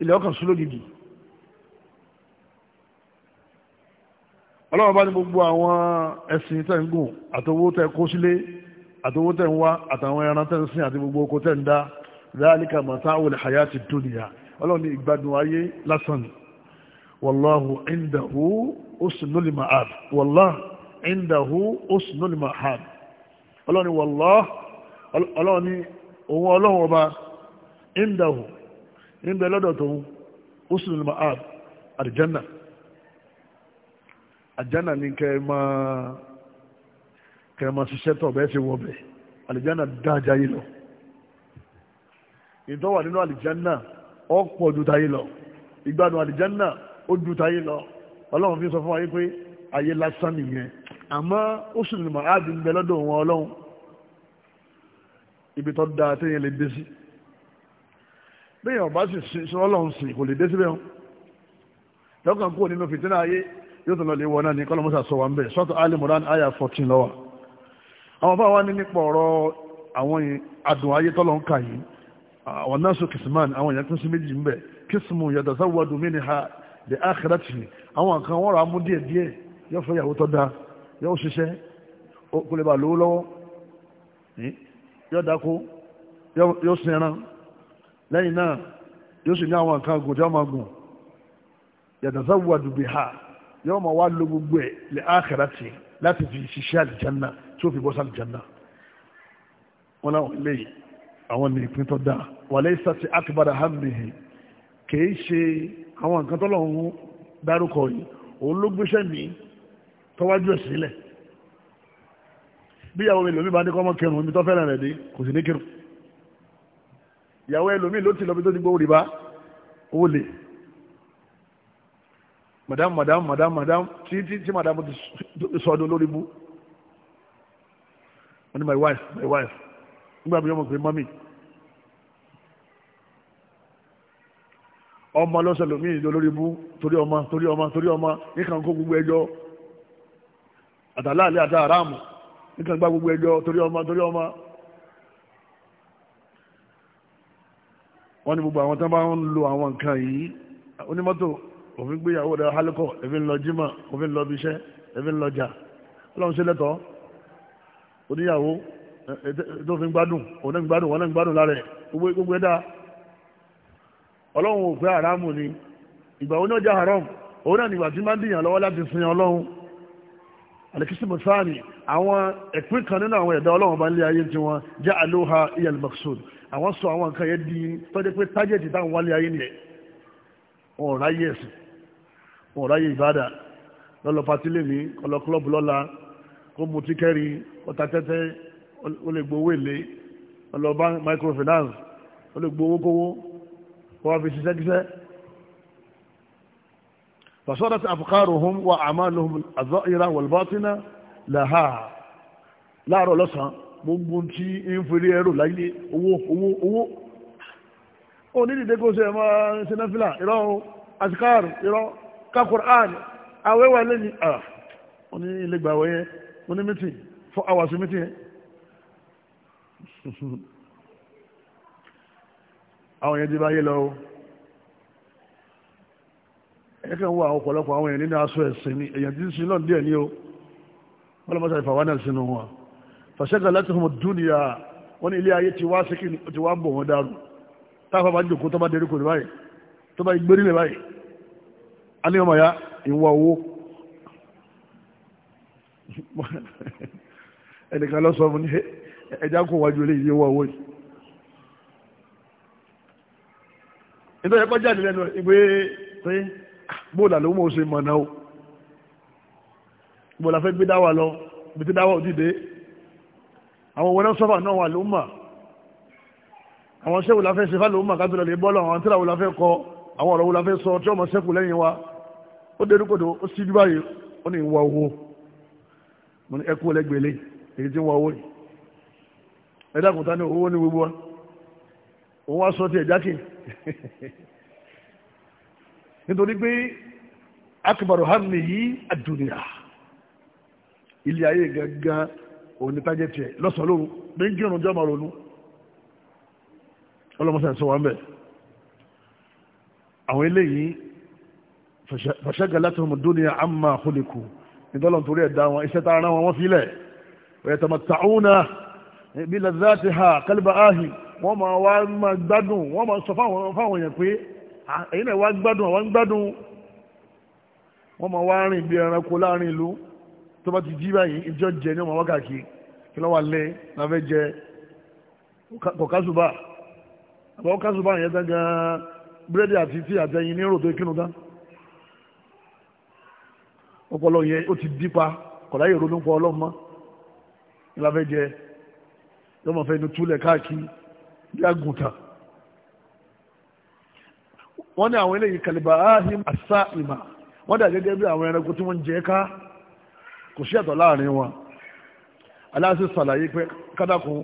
ilé ọkàn sún lógìgì ọlọ́wọ́ bá ní gbogbo àwọn ẹ̀sìn tẹ́ ń gùn àtowó tẹ́ kó sílé àtowó tẹ́ ń wá àtàwọn ẹran tẹ́ ń sìn àti gbogbo oko tẹ́ ń dá dáálíkà mọ̀táwòlì hayati dúnìyà ọlọ́run ní ìgbádùn ayé lásán ni wallahu indahu husnul ma'ab wallahu indahu husnul ma'ab ọlọ́ni wallahu ọlọ́ni òun ọlọ́run ọba indahu níbẹ̀ lọ́dọ̀ tóun husnul ma'ab àdìjánà àdìjánà ní kẹma kẹma ṣiṣẹ́ tọ̀ bẹ́ẹ̀ ṣe wọ bẹ̀ àdìjánà dájá yìí lọ ìtọ́wà lọ ó ju tayé lọ ọlọ́run fi sọ fún wa yí pé ayé lásán nìyẹn àmọ́ ó sì lè mọ̀ áàdì ń bẹ lọ́dọ̀ wọn ọlọ́run ibi tó dáa téèyàn lè dé sí bẹ́ẹ̀ ọba sì sọ ọlọ́run sì kò lè dé síbẹ̀ wọn lọ́kàn kúrò nínú fìtínà ayé yóò tó lọ lè wọ náà ní kọ́lọ́mọ́sà sọ wa ń bẹ̀ sọ́tọ̀ Ali Imran aya fourteen lọ́wọ́ àwọn fáwọn ní nípa ọ̀rọ̀ àwọn adùn ayé tọ́lọ̀ ń kà yìí àwọn náà sọ kìsìmán àwọn èèyàn sí méjì ń bẹ̀ kìsìmù yàtọ̀ sáwọ́dù mí ni ha the akhirati àwọn kan wọ́n ra mú díẹ̀ díẹ̀ yóò fẹ́ ìyàwó tó dáa yóò ṣiṣẹ́ kò lè bá lówó lọ́wọ́ yóò dákó yóò sin ẹran lẹ́yìn náà yóò sì ní àwọn nǹkan gùn tí wọ́n máa gùn yàtọ̀sá wà dùbí ha yóò máa wá lo gbogbo ẹ̀ lè akhirati láti fi ṣiṣẹ́ àlìjánná tí ó fi bọ́ sí àlìjánná wọn láwọn eléyìí àwọn ní ìpín tó dáa wà lẹ́yìn sátì akbara hàmìhì kì í àwọn nǹkan tó lọ́hún dárúkọ yìí òun ló gbéṣẹ́ mi tọ́wájú ẹ̀ sílẹ̀ bí ìyàwó ẹlòmí bá ní kọ́mọ́ kẹrùn ibi tó fẹ́ràn rẹ̀ dé kò sí ní kẹrùn ìyàwó ẹlòmí ló ti lọ́bi tó ti gbówó rìbá owó lè madam madam madam madam tí tí tí madam ti sọdún lórí bú wọ́n ní my wife my wife nígbà bí wọ́n mọ̀ pé mami ọmọ lọ́sọ̀lọ́mí ìjọ lórí bú torí ọmọ torí ọmọ torí ọmọ nìkan kó gbogbo ẹjọ́ àtàláàlẹ́ àti àràmù nìkan gbá gbogbo ẹjọ́ torí ọmọ torí ọmọ wọ́n ní gbogbo àwọn tán bá ń lo àwọn nǹkan yìí onímọ́tò òfin gbéyàwó rẹ̀ hálíkọ̀ ẹ̀fí ń lọ jímọ̀ òfin lọ bí ẹ̀fí ń lọ jà ọlọ́run ṣe lẹ́tọ̀ọ́ oníyàwó eh, eh, tó fi gbádùn wọn náà gbádùn lára ọlọ́run ò pé àrámù ni ìgbà wo ní ọjà haram òun náà nígbà tí máa ń dìyàn lọ́wọ́ láti sin ọlọ́run alikisimu sáàni àwọn ẹ̀pín kan nínú àwọn ẹ̀dá ọlọ́run bá ń lé ayé tiwọn jẹ́ aloha iyal maksud àwọn sọ àwọn nǹkan yẹn di tọ́jú pé tájẹ̀tì táwọn wálé ayé nìyẹn wọn ò ráyè ẹ̀sìn wọn ò ráyè ìbádà lọ́lọ́ pati lèmi kọlọ klọ́ọ̀bù lọ́la kó mu ti kẹ́rin ọta tẹ́tẹ́ ó lè gbowó èlé ọlọ́ba microfinance ó lè gbowó kówó wọ́n fi ṣiṣẹ́ kíṣẹ́ fasadat afkaruhum wa amaluhum az-zahira wal-batina laha láàárọ̀ lọ́sàn gbogbo tí ń fèrè ẹrù láyé owó owó owó ó ní dìde kó ṣe ẹ̀mọ́ sinafila irọ́ azikar irọ́ ka Qur'an àwẹ́wà lẹ́yìn ah ó ní ilé gbàwẹ́ yẹn ó ní mítì fún àwàsí mítì yẹn àwọn yẹn ti bá yé lọ o ẹ̀yẹ́ kan wà ọ̀pọ̀lọpọ̀ àwọn èèyàn nínú aṣọ ẹ̀sìn ni èèyàn ti ń sin lọ́n díẹ̀ ní o wọ́n lọ mọ́sá ìfàwọ́ náà sínú wọn fàṣẹ́gà láti fún dúnìyà wọ́n ní ilé ayé ti wá sí kí ti wá bọ̀ wọ́n dàrú táwọn bá jòkó tó bá derí kò ní báyìí tó bá gbérí lè báyìí a ní ọmọ ya ìwọ owó ẹnìkan lọ sọ fún ní ẹja kó wájú ilé ìwọ owó yìí nítorí ẹ̀kọ́ jáde lẹ́nu ìwé pé ah, bóòlà ló mọ̀ ṣe mọ̀nà o bóòlà fẹ́ gbé dáwà lọ bí ti dáwà òdìdé àwọn òwe náà sọ́fà náà wà ló mà àwọn ṣẹ́wò láfẹ́ ṣe fálò mà kábílọ̀ lè bọ́lọ̀ àwọn tíra wo láfẹ́ kọ àwọn ọ̀rọ̀ wo láfẹ́ sọ tí ọmọ ṣẹ́kù lẹ́yìn wa ó dé rúkòdò ó sì bí báyìí ó ní ìwà owó mo ní ẹkú ọlẹ́gbẹ̀lé èyí tí ń wá owó yìí ẹ̀dá kùtà ní owó ní gbogbo wa òun wá sọ ti ẹ̀jákìí nítorí pé akibaru hami yìí àdúnyà ilé ayé gangan òní tájẹ́ tiẹ̀ lọ́sàn-án lóru méjì ọ̀run jọ́mọ̀ ronú ọlọ́mọsàn sọ wọn bẹ̀ àwọn eléyìí fàṣẹ́gà láti ọmọ dúnìyà àmà àkólẹ́kù nítọ́lọ̀ torí ẹ̀dá wọn iṣẹ́ tààrà wọn wọ́n fílẹ̀ ọ̀yẹ̀tàmọ̀tàúnà bí lẹ́zàtì ha kálíbà áhìn wọ́n máa wá máa gbádùn wọ́n máa sọ fáwọn èèyàn pé èyí náà wá gbádùn àwọn gbádùn wọ́n máa wá rìn bí ẹranko láàrin ìlú tó bá ti jí báyìí ìjọ jẹ ní ọmọ wákàkì kí lọ́wọ́ alẹ́ la fẹ́ jẹ kọ̀kásùbà àbọ̀ kásùbà yẹn gangan búrẹ́dì àti tí àtẹ̀yìn ní ròtò kínú tán ọpọlọ yẹn ó ti dípa kọ̀láyè ronú pọ̀ ọlọ́mọ la fẹ́ jẹ yọmọ fẹ́ nu túlẹ̀ káàkiri bí àgùntàn wọ́n ní àwọn eléyìí kàlíbà áhìm àṣà ìmà wọ́n dà gẹ́gẹ́ bí àwọn ẹranko tí wọ́n ń jẹ ká kò sí ẹ̀tọ́ láàrin wọn aláṣẹ sàlàyé pé kádàkùn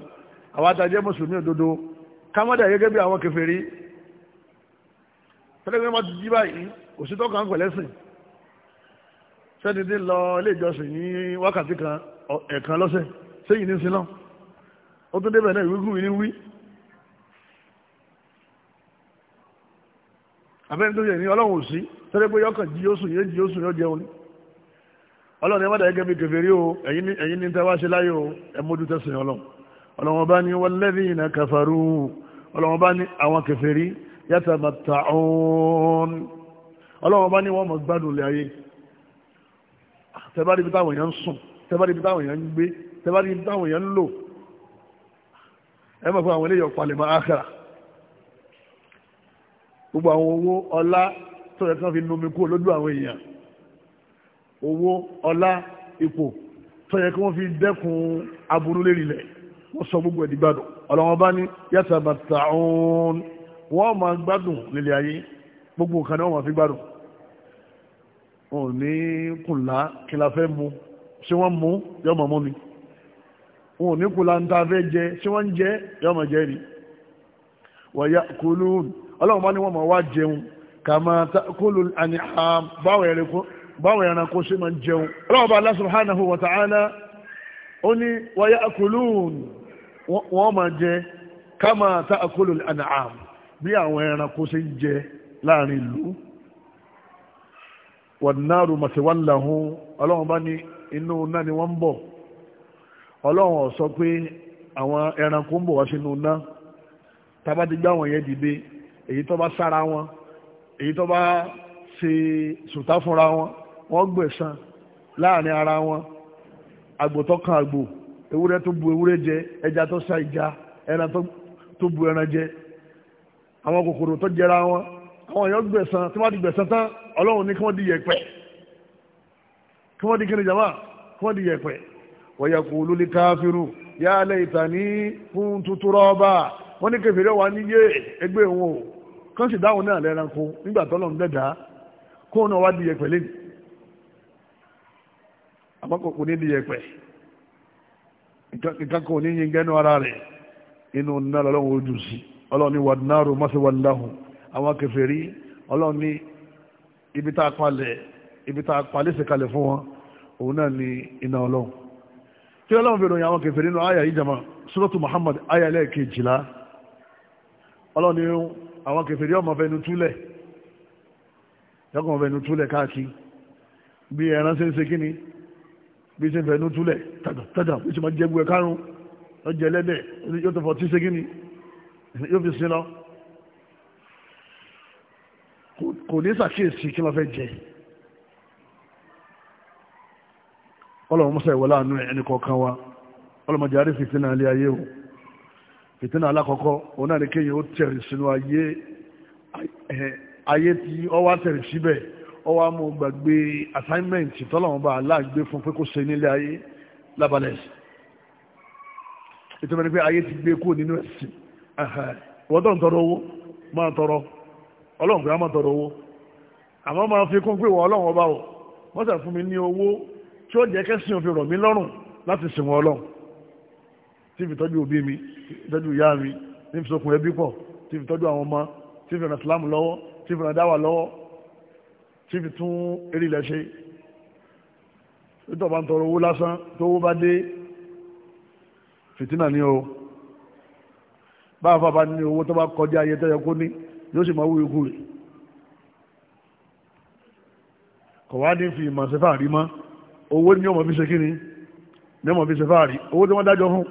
àwọn adájẹ́ mùsùlùmí òdodo ká má dà gẹ́gẹ́ bí àwọn kèfèrí tẹ́lẹ̀gbẹ́ má ti jí báyìí kò sí tọ́kàn pẹ̀lẹ́sìn sẹ́ni tí ń lọ ilé ìjọsìn ní wákàtí kan ẹ̀ẹ̀kan lọ́sẹ̀ sẹ́yìn ní sinọ́ ó tún débẹ̀ náà ìwé àbẹ́ni tó yẹ ní ọlọ́run ò sí tẹ́lẹ̀ pé yọkàn jí yóò sùn yóò jí yóò sùn yóò jẹun ọlọ́run ẹ má dàgẹ́ bí kèfèrí o ẹ̀yin ní tẹ́ ṣe láyé o ẹ mójú tẹ́sán ọlọ́run ọlọ́run bá ní walladhina kafaru ọlọ́run bá ní àwọn kèfèrí yatamatta'un ọlọ́run bá ní wọ́n mọ̀ gbádùn lé ayé tẹ́bárí bí táwọn èèyàn ń sùn tẹ́bárí bí táwọn èèyàn ń gbé tẹ́bárí bí táwọn èèyàn ń lò gbogbo àwọn owó ọlá tó yẹ kán fi nomi kú lójú àwọn èèyàn owó ọlá ipò tó yẹ kí wọ́n fi dẹ́kun aburú lérí lẹ̀ wọ́n sọ gbogbo ẹ̀dí gbádùn ọlọ́wọ́n bá ní yatamatta'un wọ́n máa gbádùn nílé ayé gbogbo nǹkan ni wọ́n máa fi gbádùn wọn ò ní kùnlá kí la fẹ́ mu ṣé wọ́n mu yọ máa mú ni wọn ò ní kùnlá ń ta fẹ́ jẹ ṣé wọ́n ń jẹ yọ máa jẹ ni wa ya'kulun ọlọ́run bá ní wọ́n máa wá jẹun kama ta'kulu al-an'am báwọn ẹranko ṣe máa jẹun ọlọ́run bá Allah subhanahu wa ta'ala ó ní wa ya'kulun wọ́n máa jẹ kama ta'kulu al-an'am bí àwọn ẹranko ṣe ń jẹ láàrin ìlú wọ̀nàrù màtíwàláhùn ọlọ́run bá ní inú náà ni wọ́n ń bọ̀ ọlọ́run sọ pé àwọn ẹranko ń bọ̀ wá sínú náà tàbá ti gbá èyí tó bá sára wọn èyí tó bá ṣe sùtá fúnra wọn wọ́n gbẹ̀san láàrin ara wọn àgbò tó kan àgbò ewúrẹ́ tó bu ewúrẹ́ jẹ ẹja tó sa ìjà ẹran tó bu ẹran jẹ àwọn kòkòrò tó jẹra wọn àwọn èèyàn gbẹ̀san tí wọ́n ti gbẹ̀san tán ọlọ́run ní kí wọ́n di yẹ̀pẹ̀ kí wọ́n di kí ni jama kí wọ́n di yẹ̀pẹ̀ wa yaqulu li káfíru ya laytani kuntu turaba wọ́n ní kẹfìrí wa ní ẹgbẹ́ òun o kan sì dáhùn náà lẹ́ranko nígbà tọ́lọ̀ ń dẹ̀dá kó náà wá di yẹ̀pẹ̀ lẹ́nu àmọ́ di ní gẹ́nu ara rẹ̀ inú náà lọ́lọ́run ojú sí ọlọ́run ní wàdínáró mọ́síwáláhùn àwọn kèfèrí ọlọ́run ní ibi tá a palẹ̀ ibi tá a palẹ̀ sí kalẹ̀ fún wọn òun náà iná ọlọ́run suratu Muhammad àyà lẹ́ẹ̀kejìlá ọlọ́run ní àwọn kèfèrí ọmọ fẹnu túlẹ̀ yọkàn fẹnu túlẹ̀ káàkiri bí ẹran ṣe ń ṣe kíni bí ṣe ń fẹnu túlẹ̀ tàdà bí ṣe máa jẹ́ gbogbo ẹ̀kárùn ó jẹ lẹ́dẹ̀ yóò tó fọ tí ṣe kíni yóò fi sin lọ kò ní sàkíyèsí kí wọ́n fẹ́ jẹ ọlọ́run mọ́sá ìwọlá àánú ẹnì kọ̀ọ̀kan wa ọlọ́mọdé àrífìtì náà lé ayé o ìtẹ́nà alákọ̀ọ́kọ́ òun náà ni kéyìn ó tẹ̀rì sínú ayé ayé tí ọ wá tẹ̀rì síbẹ̀ ọ wá mú gbàgbé assignment tọ́lọ́wọ́n bá aláàgbé fún pé kó ṣe nílé ayé lábalẹ̀ ẹ̀sìn ìtọ́mọ̀ pé ayé ti gbé kúrò nínú ẹ̀sìn wọ́n tó ń tọrọ owó máa tọrọ ọlọ́run pé a máa tọrọ owó àmọ́ máa fi kún pé wọ́n ọlọ́run ọba o wọ́n sà fún mi ní owó tí ó jẹ́ kẹ́sìn òfin rọ̀ mí lọ́rùn láti sìn wọn ọlọ́run tí fi tọ́jú òbí mi tọ́jú ìyá mi tí fi sokùn ẹbí pọ̀ tí fi tọ́jú àwọn ọmọ tí fi ràn Islam lọ́wọ́ tí fi ràn dáwà lọ́wọ́ tí fi tún eré ilẹ̀ ṣe nítorí bá ń tọrọ owó lásán tó owó bá dé fìtínà ni o bá a fàbá ní owó tó bá kọjá ayé tẹ́yọ kó ní yóò sì máa wú ikú rẹ̀ kọ̀ wá ní fi ìmọ̀ ṣe fáàrí mọ́ owó ní ọmọ fi ṣe kí ni ní ọmọ fi ṣe fáàrí owó tí wọ́n dájọ́ fún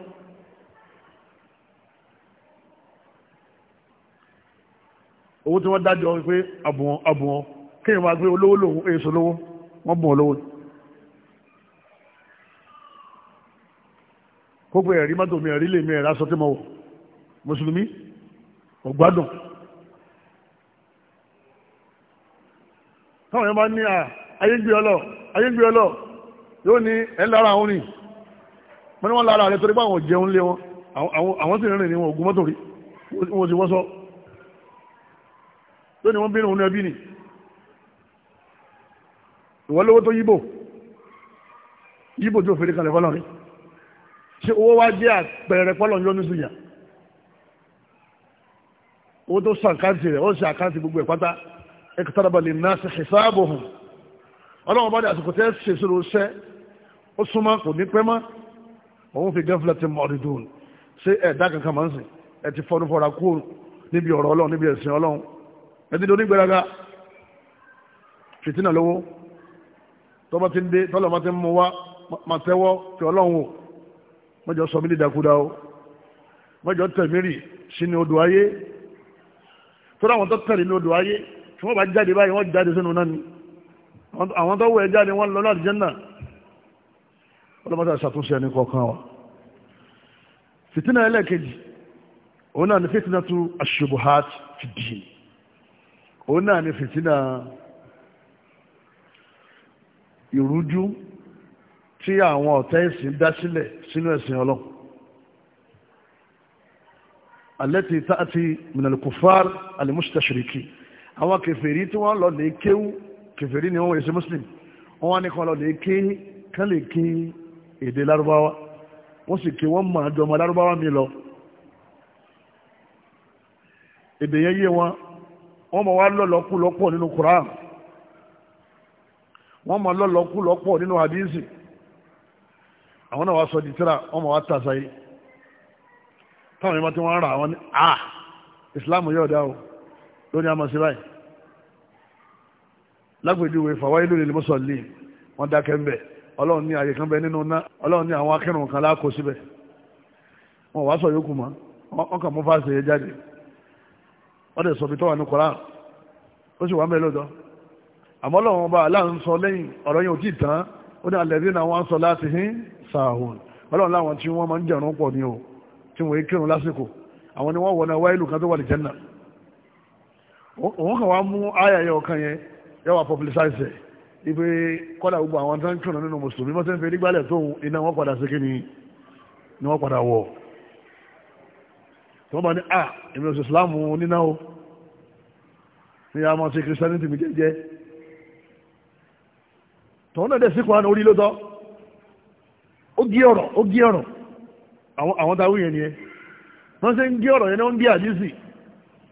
owó tí wọ́n dájọ́ pé àbùwọ̀n àbùwọ̀n kéèyàn máa gbé olówó lòun èso lówó wọ́n bùn olówó kókò ẹ̀rí mọ́tò mi ẹ̀rí lè mi ẹ̀rá sọtí mọ́wọ́ mùsùlùmí ọ̀gbádùn táwọn yẹn bá ní ayégbé ọlọ yóò ní ẹ lára àwọn rìn wọ́n ní lára rẹ̀ torí pé jẹun lé wọn àwọn sì rìn ní wọn ògùn mọ́tò rí wọ́n sì wọ́sọ́ tó ní wọ́n bínú òun ẹbí ni ìwọ́n lówó tó yíbò yíbò tó fèrè kalẹ̀ fọ́lọ́ rí ṣe owó wá jẹ́ àpẹẹrẹ fọ́lọ́ yọ́nú sí yà owó tó sọ àkáǹtì rẹ̀ ó ṣe àkáǹtì gbogbo ẹ̀ pátá ẹ̀kọ́tàdàbà lè ná sí ṣìṣàbò hàn ọlọ́wọ́n bá dé àsìkò tẹ́ ṣe sórí oṣẹ́ ó súnmọ́ kò ní pẹ́ mọ́ òun fi gẹ́fúlẹ̀ ti mọ ọdún dùn ṣé ẹ̀dá kankan máa ń sìn ẹ ti fọdún fọra kúrò níbi ọ̀rọ̀ ọlọ́run níbi ẹ̀sìn ọlọ́run ẹ̀tí lórí gbẹ̀rẹ̀gá fìtínà lówó tọ́bá ti ń dé tọ́lọ̀ máa ti ń mú wá máa tẹ́wọ́ tí ọlọ́run mọ́jọ sọ mí dídakúdá o mọ́jọ tẹ̀mírì sínú odò ayé tọ́lá àwọn tó tẹ̀lé ní odò ayé tí wọ́n bá jáde báyìí wọ́n jáde sínú náà ni àwọn tó wẹ̀ jáde wọ́n lọ láti jẹ́nà ọlọ́mọdé ṣàtúnṣe ẹni kọ̀ọ̀kan wa fìtínà ẹlẹ́ẹ̀kejì òun náà ni fìtínà tu aṣubuhat fi òun náà ni fìtínà ìrújú tí àwọn ọ̀tá ẹ̀sìn dá sílẹ̀ sínú ẹ̀sìn ọlọ́run alẹ́tì tààtì mìnàlùkùfàr alìmúṣítàṣìríkì àwọn kèfèrí tí wọ́n lọ lè kéwú kèfèrí ni wọ́n wọ́n èsì muslim wọ́n wá ní kan lọ lè ké kán lè ké èdè lárúbáwá wọ́n sì ké wọ́n mọ̀ àjọmọ̀ lárúbáwá mi lọ èdè yẹn yé wọn wọ́n mọ̀ wá lọ́lọ́kú lọ́pọ̀ nínú Quran wọ́n mọ̀ lọ́lọ́kú lọ́pọ̀ nínú hadisi àwọn náà wá sọ di tíra wọ́n mọ̀ wá tàṣà yìí táwọn ìmọ̀ tí wọ́n rà wọ́n ní à ah, ìsìláàmù yóò dá o lónìí àmọ́ sí báyìí lágbèjúwe fàwáyé lónìí lè mọ́sọ̀lì wọ́n dákẹ́ ń bẹ̀ ọlọ́run ní àyè kan bẹ nínú ná ọlọ́run ní àwọn akẹ́rùn kan lákòó síbẹ̀ wọ́n wá sọ yókù mọ́ wọ́n kàn mú fáṣẹ̀ yẹn jáde wọ́n dẹ̀ sọ bí tọ́wà ní koran ó sì wà ń bẹ̀ lọ́dọ̀ àmọ́ lọ́wọ́ ọba aláàrùn sọ lẹ́yìn ọ̀rọ̀ yẹn ò tí ì tán ó ní alẹ́ rínà wọn sọ láti hín sàhùn ọlọ́run láwọn tí wọ́n máa ń jẹ̀rún pọ̀ ní o tí wọ́n kírun lásìkò àwọn ni wọ́n wọ̀ náà wáìlù kan tó wà ní jẹ́nà òun kàn wá mú àyà yẹ ọ̀kan yẹn yẹ wà publicize ẹ̀ ibi kọ́dà gbogbo àwọn tó ń kírun nínú mùsùlùmí mọ́tẹ́ ń fi rí ni wọ́n padà tí wọ́n bá ní à ah, èmi òsì ìsìláàmù níná ní a máa ṣe kìrìsìtánítì mi jẹ́jẹ́ tọ́wọ́n náà dẹ̀ sí kwan orí ló ó gé ọ̀rọ̀ ó gé ọ̀rọ̀ àwọn táwọn yẹn ni ẹ wọ́n ṣe ń gé ọ̀rọ̀ yẹn ni wọ́n ń àdísì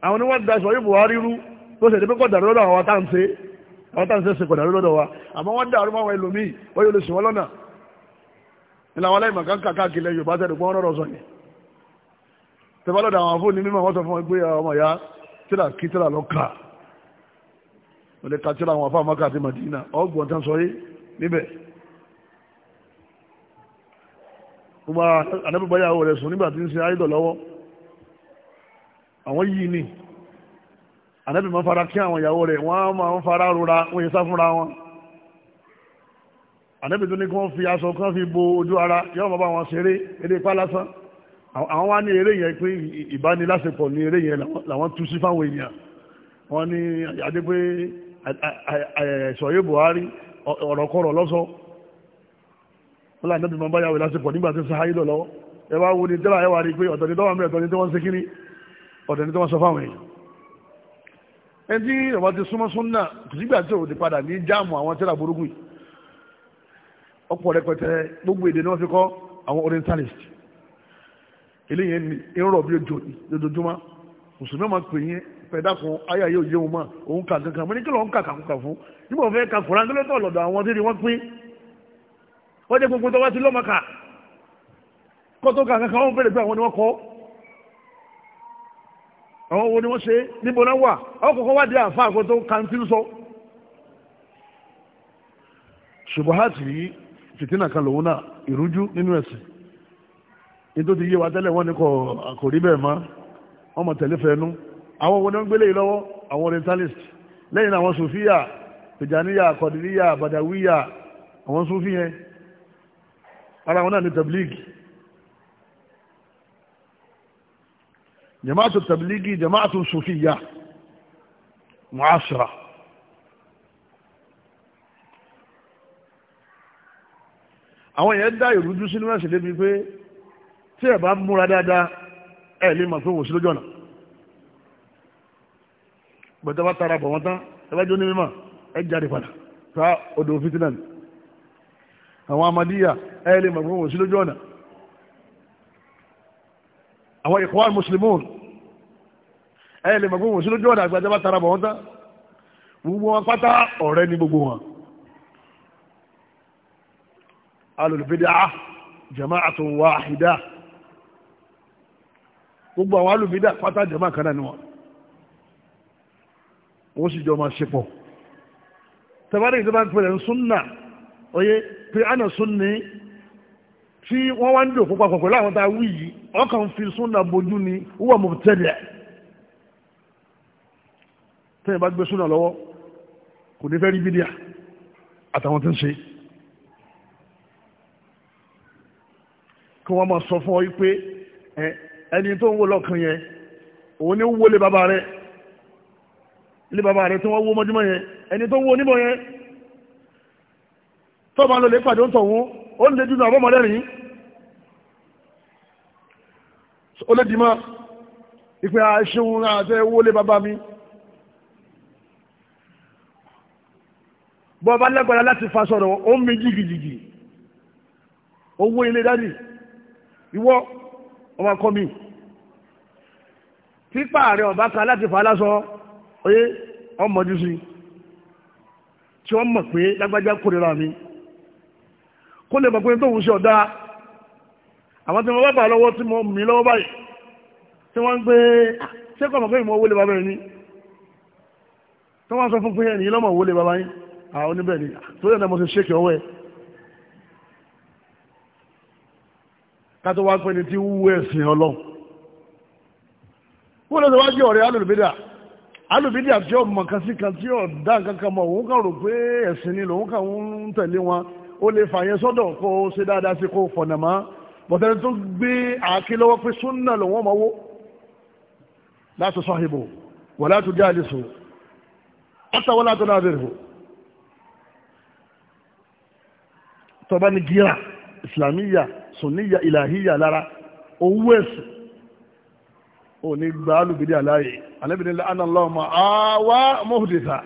àwọn ni wọ́n da sọ yóò buhari rú tó ṣe dẹ́pẹ́ kọ̀dà lọ́dọ̀ àwọn táǹṣe àwọn táǹṣe ṣe kọ̀dà lọ́dọ̀ wa àmọ́ wọ́n dà arúgbó àwọn ẹlòmíì wọ́n yóò lè sùn wọ́n lọ́nà ìlànà aláìmọ̀ká káàkiri Yorùbá tẹ̀lé gbọ́n rọ̀rọ̀ sọ yẹn tẹ́fà lọ́dọ̀ àwọn afọ́ ní mímọ̀ wọ́n sọ fún ẹgbẹ́ ọmọ ìyá tíra kí tíra lọ kà ó lè ka tíra àwọn afọ́ àmọ́kà àti Madina ọgbọ̀n tán sọ yé níbẹ̀ gbogbo anábìbáyàwó rẹ̀ sùn nígbà tí ń ṣe áìdọ̀ lọ́wọ́ àwọn yìí ni ànábì máa ń fara kí àwọn ìyàwó rẹ̀ wọ́n máa ń fara rora wọ́n yẹ sá fúnra wọn ànábì tó ní kí wọ́n fi aṣọ kan fi bo ojú ara yọ́ọ̀ àwọn wá ní eré yẹn pé ìbániláṣepọ̀ ní eré yẹn làwọn tú sí fáwọn èèyàn wọ́n ní àyájẹ́ pé ṣọ̀yẹ́ Buhari ọ̀rọ̀kọ̀rọ̀ lọ́sọ wọ́n láti nẹ́bí máa bá yàwó láṣepọ̀ nígbà tí sáháyé lọ lọ́wọ́ ẹ wá wo ni tẹ́lá ẹ wá rí pé ọ̀tọ̀ ni tọ́wọ́ mẹ́rin ọ̀tọ̀ ni tí wọ́n ń ṣe kíní ọ̀tọ̀ ni tí wọ́n sọ fáwọn èèyàn ẹni tí ọba ti súnmọ́ súnnà kò sígbà tí òde padà ní jáàmù àwọn tẹ́lá burúkú yìí ọ̀pọ̀ rẹpẹtẹ gbogbo èdè ni eléyìí ni irọ́ bí ojo lójoojúmọ́ mùsùlùmí máa pè yín fẹ̀dákun ayé yóò wọn mọ́ òun kà kankan mo ní kí lọ́n kà fún nígbà wọn ka kùrán kílẹ̀ tó lọ́dọ̀ àwọn tí wọ́n pín wọ́n jẹ́ gbogbo tó wá sí lọ́mọkà kó tó kà kankan wọ́n fẹ́rẹ̀ pé àwọn ni wọ́n kọ́ àwọn wo ni wọ́n ṣe níbo náà wà àwọn kọ̀ọ̀kan wá di sọ. ṣùgbọ́n àti kan lòun náà ìrújú nítorí yé wa tẹ́lẹ̀ wọ́n ní kò kò rí bẹ́ẹ̀ mọ́ wọ́n mọ̀ tẹ̀lé fẹ́nu àwọn wọn ni wọ́n gbélé yìí lọ́wọ́ àwọn orientalist lẹ́yìn àwọn sofiya tijaniya kọdiriya badawiya àwọn sufi yẹn ara wọn náà ni tabligi jamaatu tabligi jamaatu sufiya muasira àwọn yẹn dá ìrújú sínú ẹ̀sìn débi pé tí ẹ̀ bá múra dáadáa ẹ̀ lè mọ̀ fún òṣìlójọ́ náà gbẹ̀tẹ́ bá tara bọ̀ wọ́n tán ẹlẹ́jọ́ ní mímọ̀ ẹ jáde padà ta odò fitinà ni àwọn amadíyà ẹ lè mọ̀ fún òṣìlójọ́ náà àwọn Ikhwan Muslimun ẹ lè mọ̀ fún òṣìlójọ́ náà gbẹ̀tẹ́ bá tara bọ̀ wọ́n tán gbogbo wọn pátá ọ̀rẹ́ ní gbogbo wọn alùlùfẹ́dẹ́ ah jama'atun wahida gbogbo àwọn alùbídà pátá jọmọ́ kan náà ni wọn wọ́n sì jọ máa ṣe pọ̀ tàbárí ìjọba ń pẹ̀lẹ̀ súnnà oyé pé ánà súnni tí wọ́n wá ń dò púpọ̀ pọ̀ pẹ̀lú àwọn tá a wí yìí ọkàn fi súnnà bojú ni wúwà mọ̀ tẹ́lẹ̀ tẹ́yìn bá gbé súnnà lọ́wọ́ kò ní fẹ́ rí bídíà àtàwọn tó ń ṣe kí wọ́n máa sọ fún ọ yí pé ẹni tó ń wó lọ́kàn yẹn òun ni ó wó lé bàbá rẹ̀ ilé bàbá rẹ̀ tí wọ́n wó mọ́júmọ́ yẹn ẹni tó wó onímọ̀ yẹn tó bá lọ lè pàdé ń tọ̀wọ́n ó lè dúdú àbọ̀mọ́lẹ́rìn ó lè dìímọ̀ ìpè àṣehun àti owó lé bàbá mi bọ́ bá lágbára láti fa sọ̀rọ̀ ó ń mi jìgìjìgì owó ilé dádì ìwọ ọmọ akọ́ mi pípa ààrẹ ọ̀bá kan láti fà lásọ oyé ọmọdú sí tí wọ́n mọ̀ pé lágbájá kórìíra mi kó lè mọ̀ pé tóun ṣe ọ̀dá àwọn tí wọ́n bá bà lọ́wọ́ tí mo mì lọ́wọ́ báyìí tí wọ́n ń gbé ah, ṣé kọ́ mọ̀ pé ìmọ̀ owó bàbá rẹ̀ ni tí wọ́n sọ fún pé ẹ̀yìn lọ́mọ̀ owó bàbá yín àwọn oníbẹ̀ ni tó yẹ̀ náà mo ti ṣe kí ọwọ́ ẹ̀ ká tó wá pẹ́ni tí wú ẹ̀sìn ọlọ́run bó ló ti wá jẹ́ ọ̀rẹ́ alùbídà alùbídà tí ó mọ̀ kan sí kan tí ó dá nǹkan kan mọ̀ òun kàn rò pé ẹ̀sìn ni lòun kàn ń tẹ̀lé wọn ó lè fà yẹn sọ́dọ̀ kó o ṣe dáadáa sí kó o fọ̀nà mọ́ bọ̀tẹ́ni tó gbé àáké lọ́wọ́ pé súnà lòun ọmọ wó láti sọ ìbò wà láti jẹ́ àdìsù ọ̀tàwọ́ láti náà bẹ̀rẹ̀ tọ́ba ni gíra ìsìlámíyà sùnníyà ìlàhíyà lára owó ẹ̀sìn ò ní gba alùbídí aláyè alẹ́bìnrin ilẹ̀ anàlọ́ọ̀mà àwá mọ́hùdìsà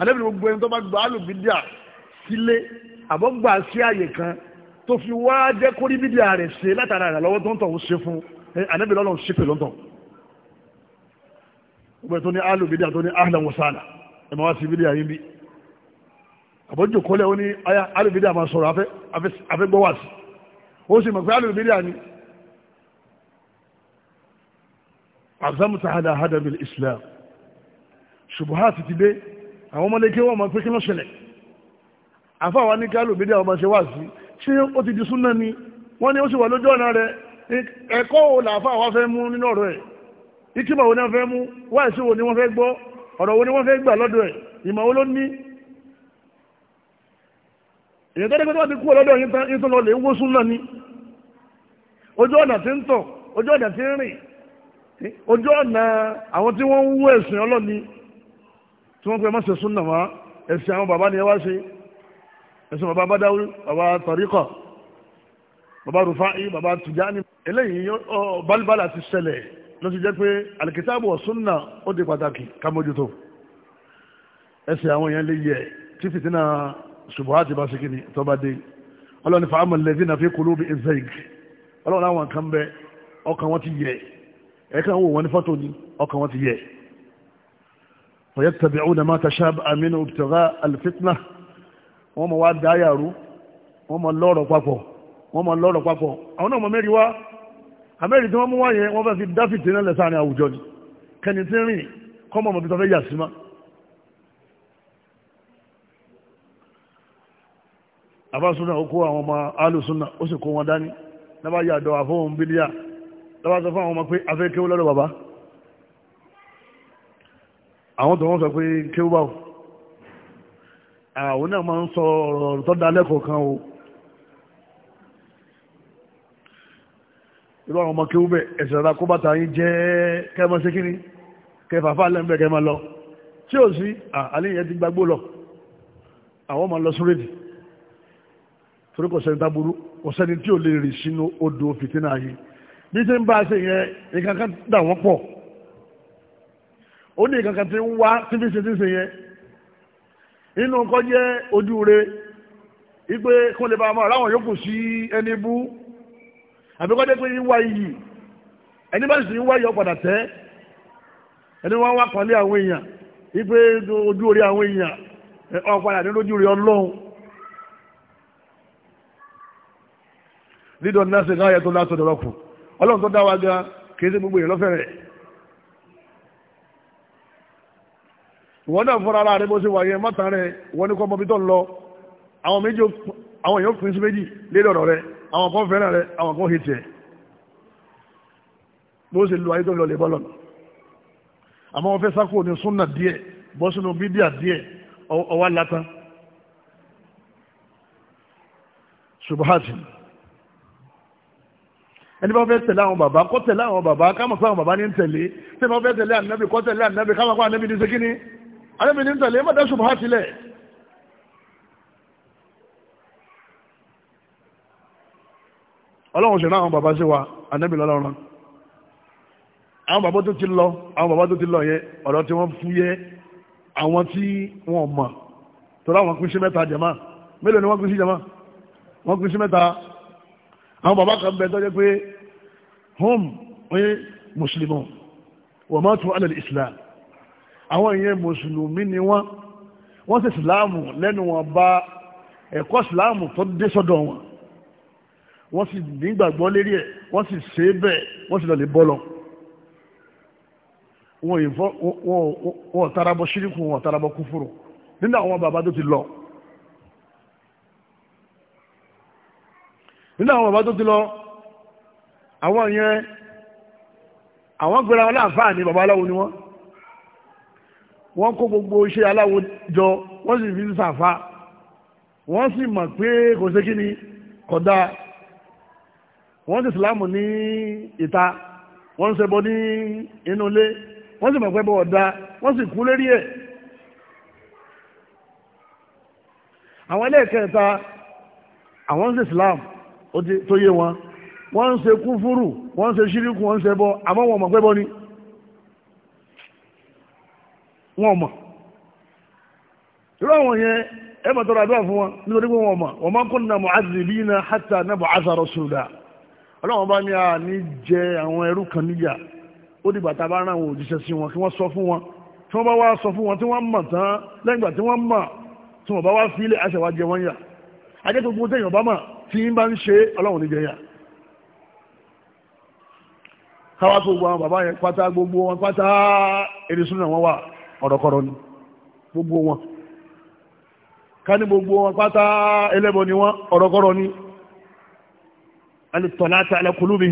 alẹ́bìnrin gbogbo ẹni tó bá gba alùbídí sílé àbọ́gbà sí àyè kan tó fi wá jẹ́ kórí bídí rẹ̀ ṣe látara rẹ̀ tó ń tọ̀ ń ṣe fún alẹ́bìnrin ọlọ́run ṣe lọ́tọ̀ gbogbo tó ní alùbídí tó ní ahlan wa sahlan ẹ̀ máa wá sí bídí ayé bí àbójú kọ́lẹ̀ ó ní alùbídí àmà sọ̀rọ̀ afẹ́ gbọ́wà sí ó sì mọ̀ pé alùbídí ni azamuta hada hada bil islam ṣubuhat ti dé àwọn ọmọdéké wọn máa pé kí ló ṣẹlẹ̀ àfáwa ní kálù bídí àwọn ọmọ ṣe wá sí ti di súnà ni o si ó sì wà lójú ọ̀nà rẹ̀ ẹ̀kọ́ wo làáfáwa fẹ́ mú nínú ọ̀rọ̀ ẹ̀ ìtumọ̀ wo ni wọ́n fẹ́ mú wáìsí wo ni wọ́n fẹ́ gbọ́ wo ni wọ́n fẹ́ gbà lọ́dọ̀ ẹ̀ ìmọ̀ wo ti ni ojú ọ̀nà àwọn tí wọ́n ń wú ẹ̀sìn ọlọ́ni tí wọ́n pẹ́ mọ́ ṣe súnà wá ẹ̀sìn àwọn bàbá ni ẹ wá ṣe ẹ̀sìn bàbá bádáwí bàbá tọ̀ríkọ̀ bàbá rufai bàbá tùjáni eléyìí balibala ti ṣẹlẹ̀ ló ti jẹ́ pé alikitaabu ọ̀súnà ó di pàtàkì kámójútó ẹ̀sìn àwọn èèyàn lè yẹ tí fìtínà ṣùgbọ́n àti bá ṣe kíni tó bá dé ọlọ́ni fàámù lẹ́fínà fi kulubi ìzẹ́yìg ọlọ́run àwọn kan bẹ ọkàn wọn ti ẹ̀ka ń wò wọn ní fọ́tò ni ọkàn wọn ti yẹ fayattabi'una ma tashabaha minhu ibtigha'a al-fitnah wọ́n mọ̀ wá dáyàrú wọ́n mọ̀ lọ́rọ̀ papọ̀ wọ́n mọ̀ lọ́rọ̀ papọ̀ àwọn náà mọ̀ mẹ́rin wá amẹ́rin tí wọ́n mú wá wọ́n fẹ́ fi dáfìtì náà lẹ́sà àwùjọ ni kẹni tí ń rìn kọ́mọ̀ mọ̀ tó fẹ́ yà sí ma àbá ó kó àwọn ọmọ alùsúnà ó sì kó wọn dání lábáyà àdọ̀ àfọ́hùn tọ́wọ́ sọ fún àwọn ọmọ pé afẹ́ kéwú lọ́dọ̀ bàbá àwọn tó wọ́n sọ pé kéwú báwò àwọn náà máa ń sọ ọ̀rọ̀ tó dá lẹ́kọ̀ọ́ kan o irú àwọn ọmọ kéwú bẹ̀ ẹ̀sẹ̀ rárá kó bàtà yín jẹ́ kẹ́mọ́ sí kíní kẹfàfà lẹ́m̀bẹ̀ kẹ́mọ́ lọ tí ò sí àlẹ́yìn ti gbagbó lọ àwọn ọmọ lọ súrédì torí kò sẹ́ni tí ò lè rì sínú odò fìtínà yìí bí ṣe ń bá a ṣe yẹn ìkankan dà wọ́n pọ̀ ó ní ìkankan tí ń wá tí fi ṣe ti ṣe yẹn inú kọ́ jẹ́ ojú re ipe kún lè bá ọmọ ráwọn yòókù sí ẹni bú àbíkọ́ jẹ́ pé ìwà iyì ẹni bá sì ń wá iyì ọ̀padà tẹ́ ẹni wá pàlẹ́ àwọn èèyàn ipe ojú àwọn èèyàn ọ̀padà ní ọlọ́run ọlọ́run tó dá wa gan kìí sí gbogbo èèyàn lọ́fẹ̀ẹ́ rẹ̀ ìwọ náà fọ́ra ara rẹ bó ṣe wáyé mọ́ta rẹ ìwọ ní kọ́ mọ́bí tó ń lọ àwọn méjì àwọn èèyàn fún sí méjì lédè ọ̀rọ̀ rẹ àwọn kan fẹ́ràn rẹ àwọn kan hìtì ẹ̀ bó ṣe lu ayé tó ń lọ lè bọ́ lọ́nà àmọ́ wọn fẹ́ sákò ní súnà díẹ̀ bọ́ sínú bídíà díẹ̀ ọwá látàn subahati ẹni bá fẹ́ tẹ̀lé àwọn bàbá kó tẹ̀lé àwọn bàbá ká mọ̀ fún àwọn bàbá ní tẹ̀lé tẹ̀lé bá fẹ́ tẹ̀lé ànábì kó tẹ̀lé ànábì ká mọ̀ fún ànábì ní sekínì ànábì ní tẹ̀lé má dáṣù bá tilẹ̀. ọlọ́run ṣe àwọn bàbá ṣe wa ànábì lọ́lọ́run àwọn bàbá tó ti lọ àwọn bàbá tó ti lọ yẹn ọ̀rọ̀ tí wọ́n fú yẹ àwọn tí wọ́n mọ̀ tó láwọn kún sí mẹ́ta jẹ̀má mélòó ni wọ́n kún sí jẹ̀má wọ́n kún sí mẹ́ta àwọn bàbá kan bẹ tọ́jẹ́ pé hum ní mùsùlùmí wọ́n máa tún alẹ́ islam àwọn ìyẹn mùsùlùmí ni wọ́n wọ́n sì sìláàmù lẹ́nu wọn bá ẹ̀kọ́ sìláàmù tó dé sọ́dọ̀ wọn wọ́n sì nígbàgbọ́ lérí ẹ̀ wọ́n sì ṣe é bẹ́ẹ̀ wọ́n sì lọ bọ́lọ̀ wọn ò tarabọ ṣíríkù wọn ò nínú àwọn bàbá tó ti lọ nínú àwọn bàbá tó ti lọ àwọn yẹn àwọn gbéra wọn láǹfààní ní bàbá aláwo ni wọ́n wọ́n kó gbogbo iṣẹ́ aláwo jọ wọ́n sì fi ń sàfà wọ́n sì mọ̀ pé kò sí kí ni kódà wọ́n sì sìláàmù ní ìta wọ́n ń ṣẹbọ ní inú ilé wọ́n sì mọ̀ pé bọ̀ ọ̀dà wọ́n sì kú lérí ẹ̀ àwọn ẹlẹ́ẹ̀kẹta àwọn ń ṣe sìláàmù tó yé wọn ṣe wọn mọ̀ pẹ́bọ́ wọn mọ̀ irú àwọn wọn nítorí pé wọn mọ̀ wọn máa ń kó ọlọ́wọ́n bá ní a ní jẹ àwọn ẹrú kan níyà ó dìgbà tá a bá rán òjíṣẹ́ sí wọn kí wọ́n sọ fún wọn tí wọ́n bá wá sọ fún wọn tí wọ́n mọ̀ tán lẹ́yìn ìgbà tí wọ́n mọ̀ tí wọ́n bá wá fi ilé ajẹ́ gbogbo tẹ́yìn ọba máa tí ń bá ń ṣe ọlọ́run ní jẹyà káwá tó gbogbo àwọn bàbá yẹn pátá gbogbo wọn pátá èrè súnà wọn wà ọ̀rọ̀kọ̀rọ̀ ni gbogbo wọn ká ní gbogbo wọn pátá ẹlẹ́bọ ni wọn ọ̀rọ̀kọ̀rọ̀ ni alìtọ̀láta alẹ́kùlùmí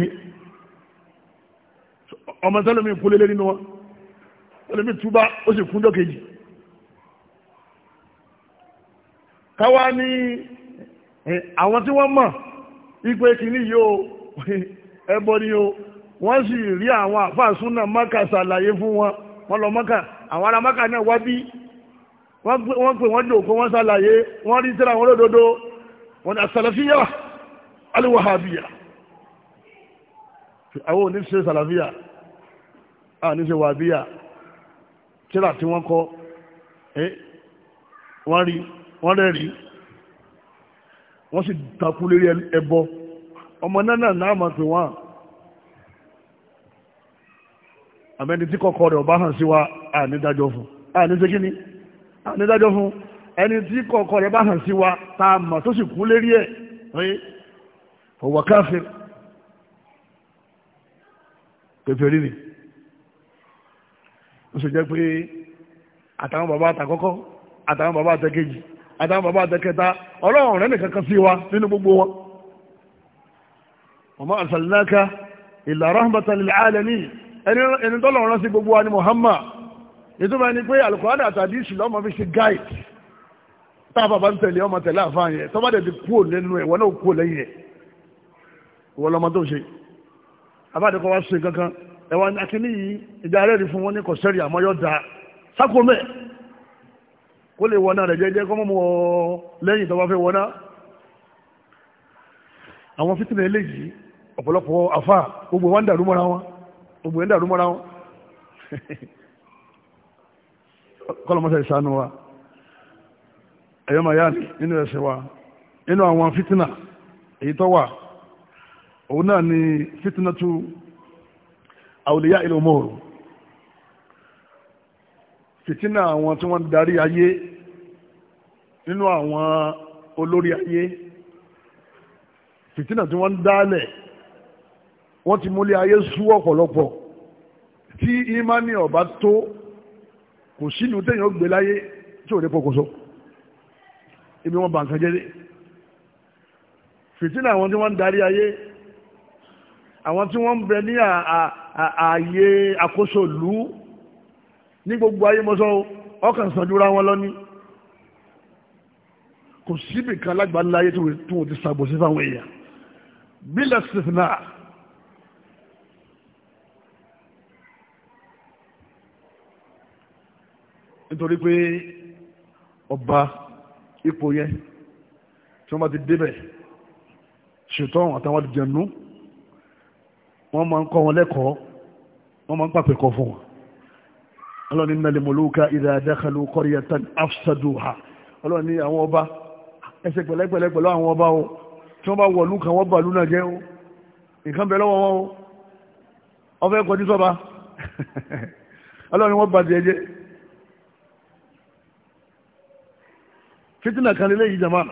ọmọ tẹ́lẹ̀mí kúlélé nínú wọn tẹ́lẹ̀mí túbá ó sì kúnjọ́ kejì káwá ní Eh, àwọn tí wọ́n mọ̀ ipe kìíní yóò ẹbọ ni o wọ́n sì rí àwọn àfáàsún náà maka ṣàlàyé fún wọn wọ́n lọ mọ́kà àwọn ará mọ́kà náà wá bí wọ́n pè wọ́n jòkó wọ́n ṣàlàyé wọ́n rí tẹ́ra wọn lódodo wọ́n àṣàlàfíà aliwahabiya àwọn oníṣẹ́ ṣàlàfíà àníṣẹ́ wàbíyà tẹ́ra tí wọ́n kọ́ eh, wọ́n rí wọ́n rẹ̀ rí wọ́n sì takú lérí ẹbọ ọmọ náà náà máa pè wọ́n àmẹ́ni tí kọ́kọ́ rẹ̀ ọba hàn sí wa ànídájọ́ fún àní ṣe kíni ànídájọ́ fún ẹni tí kọ́kọ́ rẹ̀ bá hàn sí wa tá a mà tó sì kú lérí ẹ̀ ẹ̀ ọ̀wọ̀ káfíń pẹ̀fẹ̀ rírì ó sì jẹ́ pé àtàwọn bàbá àtàkọ́kọ́ àtàwọn bàbá àtẹ́kẹ́jì àtàwọn bàbá àtẹkẹta ọlọ́run rẹ̀ nìkan kan sí wa nínú gbogbo wọn ọmọ àṣàlìláka ìlà rahmatan lil alamin ẹni tọ́lọ̀ rán sí gbogbo wa ní Muhammad ìtumọ̀ ẹni pé alukọ́rán àtàdí ìṣìlẹ̀ ọmọ fi ṣe gáìdì tá a bàbá ń tẹ̀lé ọmọ tẹ̀lé àfáà yẹn tọ́ bá dẹ̀ ti kúò akíní yìí ìdá rẹ̀ rí fún wọn ní kọ̀sẹ́rì àmọ́ yóò dáa sákòmẹ́ kó lè wọná rẹ̀ jẹ́jẹ́ kọ́ mọ́ lẹ́yìn tó bá fẹ́ wọná àwọn fítínà eléyìí ọ̀pọ̀lọpọ̀ afá gbogbo wọn dàrú mọ́ra wọn gbogbo ẹ̀ dàrú mọ́ra wọn kọ́lọ̀mọ́sẹ̀ ìsànú wa ẹ̀yọ́ máa yá nínú ẹ̀sẹ̀ wa nínú àwọn fítínà èyí tó wà òun náà ni fítínà tu àwòlíyá ìlú mọ́ọ̀rù fìtínà àwọn tí wọ́n darí ayé nínú àwọn olórí ayé fìtínà tí wọ́n ń dálẹ̀ wọ́n ti múlé ayé sú ọ̀pọ̀lọpọ̀ tí imani ọba tó kò sínú téèyàn gbé láyé tí ò ní pokùnso ibi wọn bá nǹkan jẹ́ dé fìtínà àwọn tí wọ́n ń darí ayé àwọn tí wọ́n bẹ ní ààyè àkóso lùú ní gbogbo ayé mọ́sọ́ ọkàn sàdúrà wọn lọ́ní kò síbì kan lágbàlá ayé tó wò ti sàbò sí fáwọn èèyàn bílẹ̀ sìfìnà nítorí pé ọba ipò yẹn tí wọ́n bá ti débẹ̀ ṣètò àwọn àtàwọn àdìjẹ̀nú wọ́n máa ń kọ́ wọn lẹ́kọ̀ọ́ wọ́n máa ń pàpẹ̀kọ̀ fún wọn ọlọ́ni innal muluka idha dakhalu qaryatan afsaduha ọlọ́ni àwọn ọba ẹsẹ̀ pẹ̀lẹ́pẹ̀lẹ́ pẹ̀lú àwọn ọba o tí wọ́n bá wọ̀lú kan wọ́n bàlú náà jẹ́ o nǹkan bẹ̀ lọ́wọ́ wọn o ọfẹ́ kọjú sọ́ba ọlọ́ni wọ́n bàjẹ́ jẹ́ fitina kan lélẹ́yìí jama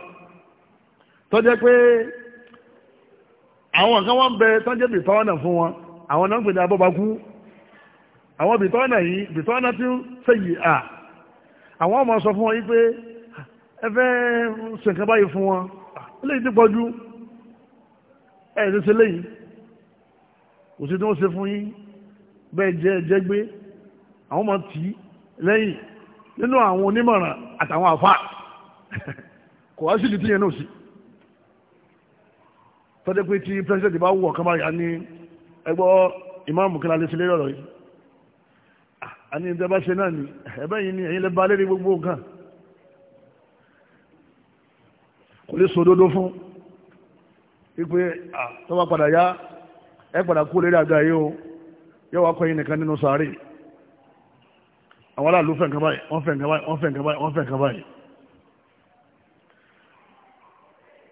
tọ́jẹ́ pé àwọn kan wọ́n bẹ tọ́jẹ́ bìtáwọ́nà fún wọn àwọn náà ń pè ní abọ́bakú àwọn bìtọ́nà yìí bìtọ́nà tí ń sẹ́yì à àwọn ọmọ sọ fún wọn yí pé ẹfẹ́ ṣẹ̀kẹ́ báyìí fún wọn eléyìí ti pọ̀jú ẹ̀ ti ṣe léyìí kò sí tí wọ́n ṣe fún yín bẹ́ẹ̀ jẹ́ jẹ́ gbé àwọn ọmọ tì í lẹ́yìn nínú àwọn onímọ̀ràn àtàwọn àfa kò wá sí ìdí tíyẹn náà sí tọ́jú pé tí pírẹsidẹ̀ntì bá wù ọ̀kan báyà ní ẹgbọ́ ìmáàmù kí la lè àní ìjọba ṣe náà ni ẹ̀bẹ́ yìí ni ẹ̀yin lè ba lérí gbogbo nǹkan kò lè sòdodo fún wípé tó bá padà yá ẹ padà kú lérí àga yìí o yóò wá kọ́ yín nìkan nínú sàárè àwọn aláàlú fẹ́ báyìí wọ́n fẹ́ báyìí wọ́n fẹ́ báyìí wọ́n fẹ́ báyìí.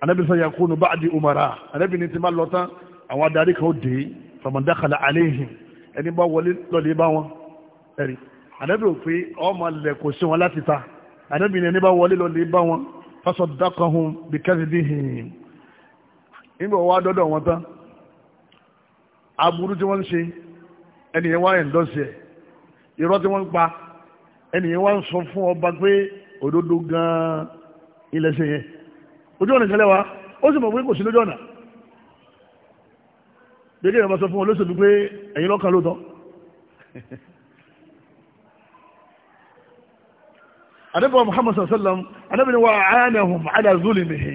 anabi sọ yakunu ba'di umara anabi ni ti ma lọ tán àwọn adarí kan ó dé famandakala aleihim ẹni bá wọlé lọlé bá wọn ẹ̀rí ànábì ò pé ọmọ lẹ̀ kò sí wọn láti ta ànábì ní ẹni bá wọlé lọ lè bá wọn fásọ dákọ̀ hun bí kẹ́sìdì hìn nígbà wá dọ́dọ̀ wọn tán aburú tí wọ́n ń ṣe ẹnìyẹn wá ẹ̀ńdọ́sì ẹ̀ irọ́ tí wọ́n ń pa ẹnìyẹn wá ń sọ fún ọba pé òdodo gan ilẹ̀ ṣe yẹn ojú ọ̀nà ìṣẹ̀lẹ̀ wa ó sì mọ̀ pé kò sí lójú ọ̀nà dédé ìrọ̀mọ́sọ fún olóṣèlú pé ẹ̀yin lọ́kàn lóòótọ́ àdébọ̀ Muhammad sallam àdébọ̀ ni wà áyánahùn aláàzúlì nìhì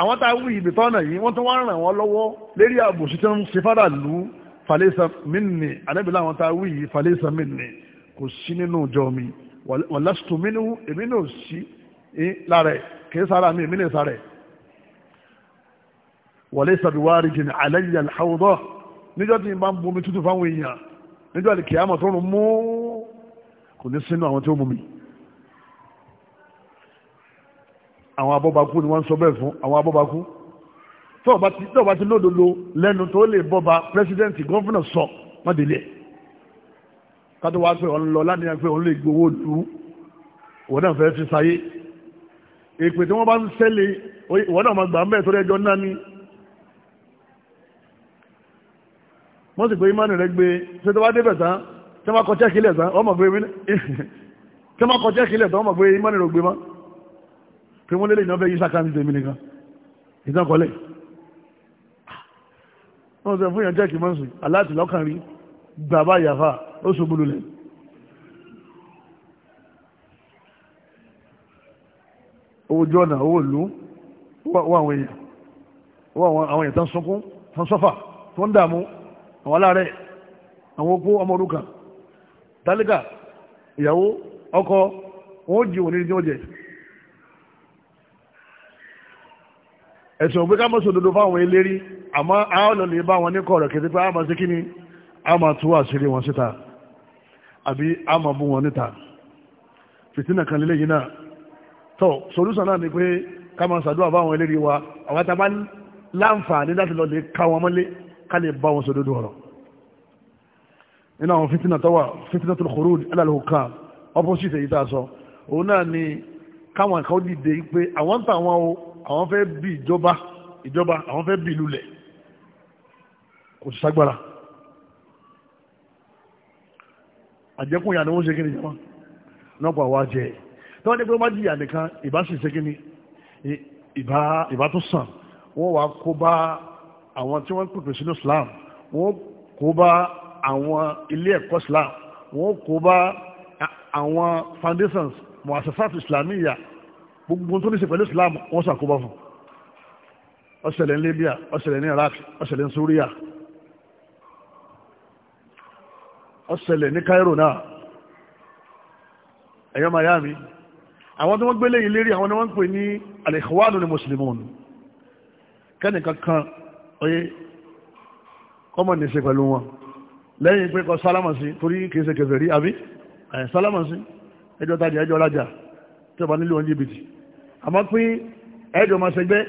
àwọn tá a wí ibi tọ́nà yìí wọ́n tó wá ràn wọ́n lọ́wọ́ lérí àbòsí tó ń ṣe fádà lù falẹ́sà mínì àdébọ̀ láwọn tá a wí yìí falẹ́sà mínì kò sí nínú ìjọ mi wà lásìtò mínú èmi náà sí eh, lára ẹ̀ kìí sára mi èmi náà sára ẹ̀ wàlẹ́ sàbíwárí jìn àlẹ́yìn àlhàwùdọ́ níjọ́ tí n bá ń bomi tútù fáwọn èèyàn níjọ́ àlìkìyàmọ̀ tó rùn mú kò ní sínú àwọn tí ó mú mi. àwọn abọ́bakú ni wọ́n ń sọ bẹ́ẹ̀ fún àwọn abọ́bakú tọ́ọ̀bá ti lódodo lẹ́nu tó lè bọ́ba pírẹsidẹ́ǹtì gọ́fìnà sọ wọ́n délé kátó wá pé ọ̀n lọ lánìyàn pé òun lè gbowó lu òun náà fẹ́ fi sáyé èpè tí wọ́n bá ń sẹ́lẹ̀ òun náà máa gbà ń bẹ́ẹ̀ tó rẹ́jọ́ náà ni wọ́n sì pé imánu rẹ̀ gbé ṣé tó bá débẹ̀ tán tí wọ́n kọ chẹ́kì lẹ̀ tán ọmọ gbé imánu rẹ̀ gbé mọ́ pé wọ́n lélẹ̀ ìnáfẹ́ yìí sàkáàmì tèmi nìkan ìtànkọ́lẹ̀ wọ́n sọ fún yàn jẹ́ kí mọ́ sí aláàtì lọ́kàn rí bàbá ìyàfà ó ṣubúlù lẹ̀ owó jọ́nà owó ìlú wọ́n àwọn èèyàn wọ́n àwọn èèyàn tán sunkún tán sọ́fà tó ń dààmú àwọn aláàrẹ̀ àwọn opó ọmọ òrukàn tálíkà ìyàwó ọkọ wọn ó jí òní ní oúnjẹ ẹ̀sìn òpé ká mọ́sọ̀ òdodo fáwọn eléré àmọ́ àálọ̀ lè bá wọn ní kọ̀ọ̀rọ̀ kété pé àmọ́ sí kíni àmọ́ tú àṣírí wọn síta àbí àmọ́ bú wọn níta fìtínà kan lélẹ̀ yìí náà tọ́ solúsàn náà ni pé ká máa ṣàdúrà fáwọn eléré wa àwọn àtàbá láǹfààní láti lọ lè ká wọn mọ́lé ká lè bá wọn sòdodo ọ̀rọ̀ nínú àwọn fìtínà tọ́wà fìtínà tó kòrò alálùkà opposite èyí tá a sọ òun náà ni káwọn kan dìde pé àwọn táwọn o àwọn fẹ́ bí ìjọba ìjọba àwọn fẹ́ bí ìlú lẹ̀ kò sí sagbára àjẹkùn ìyá ni wọ́n ṣe kí ni jọba náà pa wá jẹ tí wọ́n ní pé wọ́n bá jìyà nìkan ìbá sì ṣe ìbá tó sàn wọ́n wá kó bá àwọn tí wọ́n pèpè sínú Islam wọ́n kó bá àwọn ilé ẹ̀kọ́ Islam wọ́n kó bá àwọn foundations muasasat islamiyya gbogbo tó ní ṣe pẹ̀lú islam wọ́n ṣàkóbá fún ó ṣẹlẹ̀ ní libya ó ṣẹlẹ̀ ní iraq ó ṣẹlẹ̀ ní syria ó ṣẹlẹ̀ ní cairo náà ẹ̀yọ́ miami àwọn tó wọ́n gbélé yìí lérí àwọn ni wọ́n ń pè ní al-ikhwanu ní muslimun kẹ́nìkan kan oyé kọ́mọ̀ ní ṣe pẹ̀lú wọn lẹ́yìn pé kọ sálámà sí torí kìí ṣe kẹfẹ̀ rí àbí sálámà sí ẹjọ́ tajà ẹjọ́ lájà tí ọba nílò oúnjẹ bìtì àmọ́ pé ẹ̀ẹ́dọ̀ máa ṣẹgbẹ́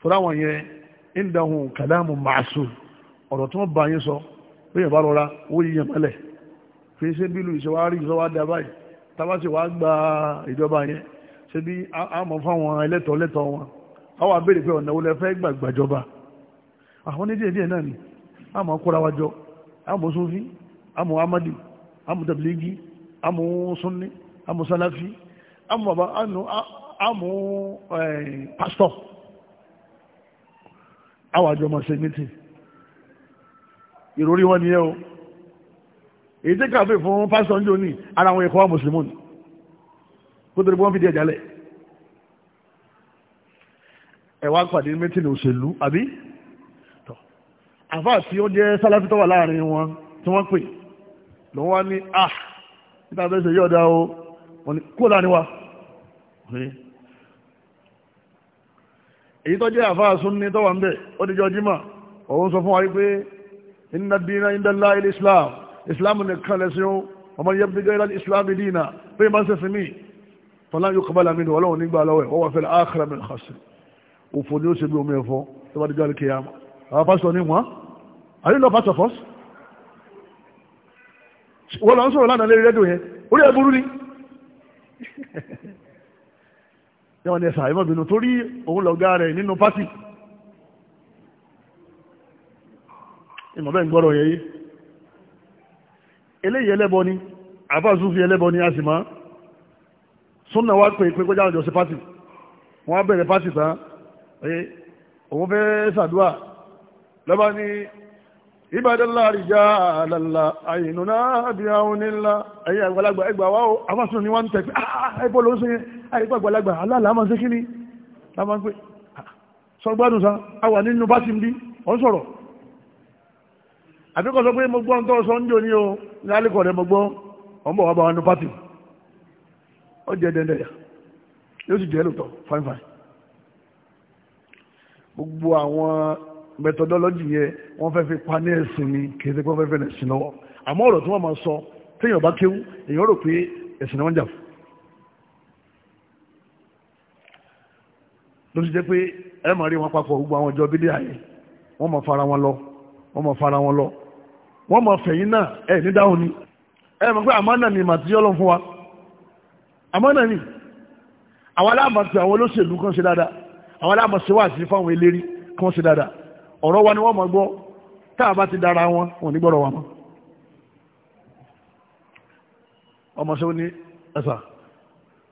fúnra wọn yẹn ń dahun kàlámù màásù ọ̀rọ̀ tí wọ́n bá yín sọ pé yẹn bá rọra owó yíyẹn mọ́lẹ̀ fi ṣe bílù ìṣẹ́wárí ìṣọ́wá dá báyìí tábà sì wá gba ìjọba yẹn ṣe bí àmọ́ fáwọn ẹlẹ́tọ̀ọ́ lẹ́tọ̀ọ́ wọn àwọn abéèrè pé ọ̀nà olè gbàgbàjọba àwọn onídìí díẹ̀ náà ni àmọ́ kóra wájọ àmọ́ sunfin àmọ́ amadi Amu amúsúnni amu amúbàbá amú pásítọ̀ àwọn àjọ máa ṣe mítì ìròrí wọn nìyẹn o èyí tí kàfé fún pásítọ̀ ń jò ní ara àwọn ẹ̀kọ́ mùsùlùmí ni kó tó di wọ́n fi di ẹ̀já lẹ̀ ẹ̀wà pàdé mítì ní òṣèlú àbí àfáà tí ó jẹ́ sáláfítọ́wà láàrin wọn tí wọ́n pè é lòun wá ní ah níta bẹ́ẹ̀ ṣe yọ̀dá o wọ́n ní kó láni wa èyí tó jẹ́ àfáà sún ní tọ́wà ń bẹ̀ ó ti jọ jímà òun sọ fún wa wípé iná dínà ìdánlá ilé islam islam nìkan lẹ́sìn ó ọmọ yẹ́ bí gẹ́gẹ́ islam dínà pé máa ń sẹ́sìn mí tọ́lá yóò kọ́ bálá mi ní ọlọ́run nígbà lọ́wọ́ wọ́n wà fẹ́ àkàrà mi kàṣì òfò ni ó ṣe bí omi ẹ̀fọ́ tó bá dé jọ́ àwọn pásítọ̀ ní wọn are you not wọ́n lọ ń sọ̀rọ̀ lánàá lérí rédíò yẹn orí ẹ̀ burú ni yẹ́n wọ́n ní ẹ̀sà ẹ̀mọ́ bínú torí òun lọ̀gá rẹ̀ nínú pátì ìmọ̀ bẹ́ẹ̀ ń gbọ́rọ̀ yẹ yé eléyìí ẹlẹ́bọ ni àfáàsù fi ẹlẹ́bọ ni a sì máa súnà wá pé pé kọjá àjọṣe pátì wọ́n á bẹ̀rẹ̀ pátì tán òun fẹ́ sàdúà lọ́ba ní ìbádọ́lá rìjá àlàlà àyìnúná àbíyàwó nílá ayé àgbàlagbà ẹgbà o afásùn ni wọ́n ń tẹ̀pẹ́ ah, ah, ah, ẹgbọ́ ló ń sin àyíkọ́ àgbàlagbà aláàlá máa ń sé ni la máa ń pè sọgbádùn sa a wà nínú bá ti ń bí ọ̀ ń sọ̀rọ̀ àbíkọ́ sọ pé mo gbọ́ ń methodology yẹn wọ́n fẹ́ fi paní ẹ̀sìn ni kì í ṣe pé wọ́n fẹ́ fẹ́ ẹ̀sìn lọ́wọ́ àmọ́ ọ̀rọ̀ tí wọ́n máa sọ téèyàn bá kéwú èèyàn rò pé ẹ̀sìn ni wọ́n jà fún. ló ti jẹ́ pé ẹ máa rí wọn papọ̀ gbogbo àwọn ọjọ́ bídíà yẹn wọ́n máa fara wọn lọ wọ́n máa fara wọn lọ wọ́n máa fẹ̀yìn náà ẹ̀ ní dáhùn ni ẹ mọ̀ pé àmọ́ náà ni màtíyọ́ lọ fún wa àmọ́ náà ni àwọn aláàmọ̀ tí àwọn olóṣèlú kan ṣe dáadáa àwọn aláàmọ̀ ṣe wà sí eléré kan ṣe dáadáa ọ̀rọ̀ wa ni wọ́n mọ̀ gbọ́ táà bá ti dára wọn wọn ní gbọ́rọ̀ wa mọ́ ọmọ ṣe ó ní ẹ̀sà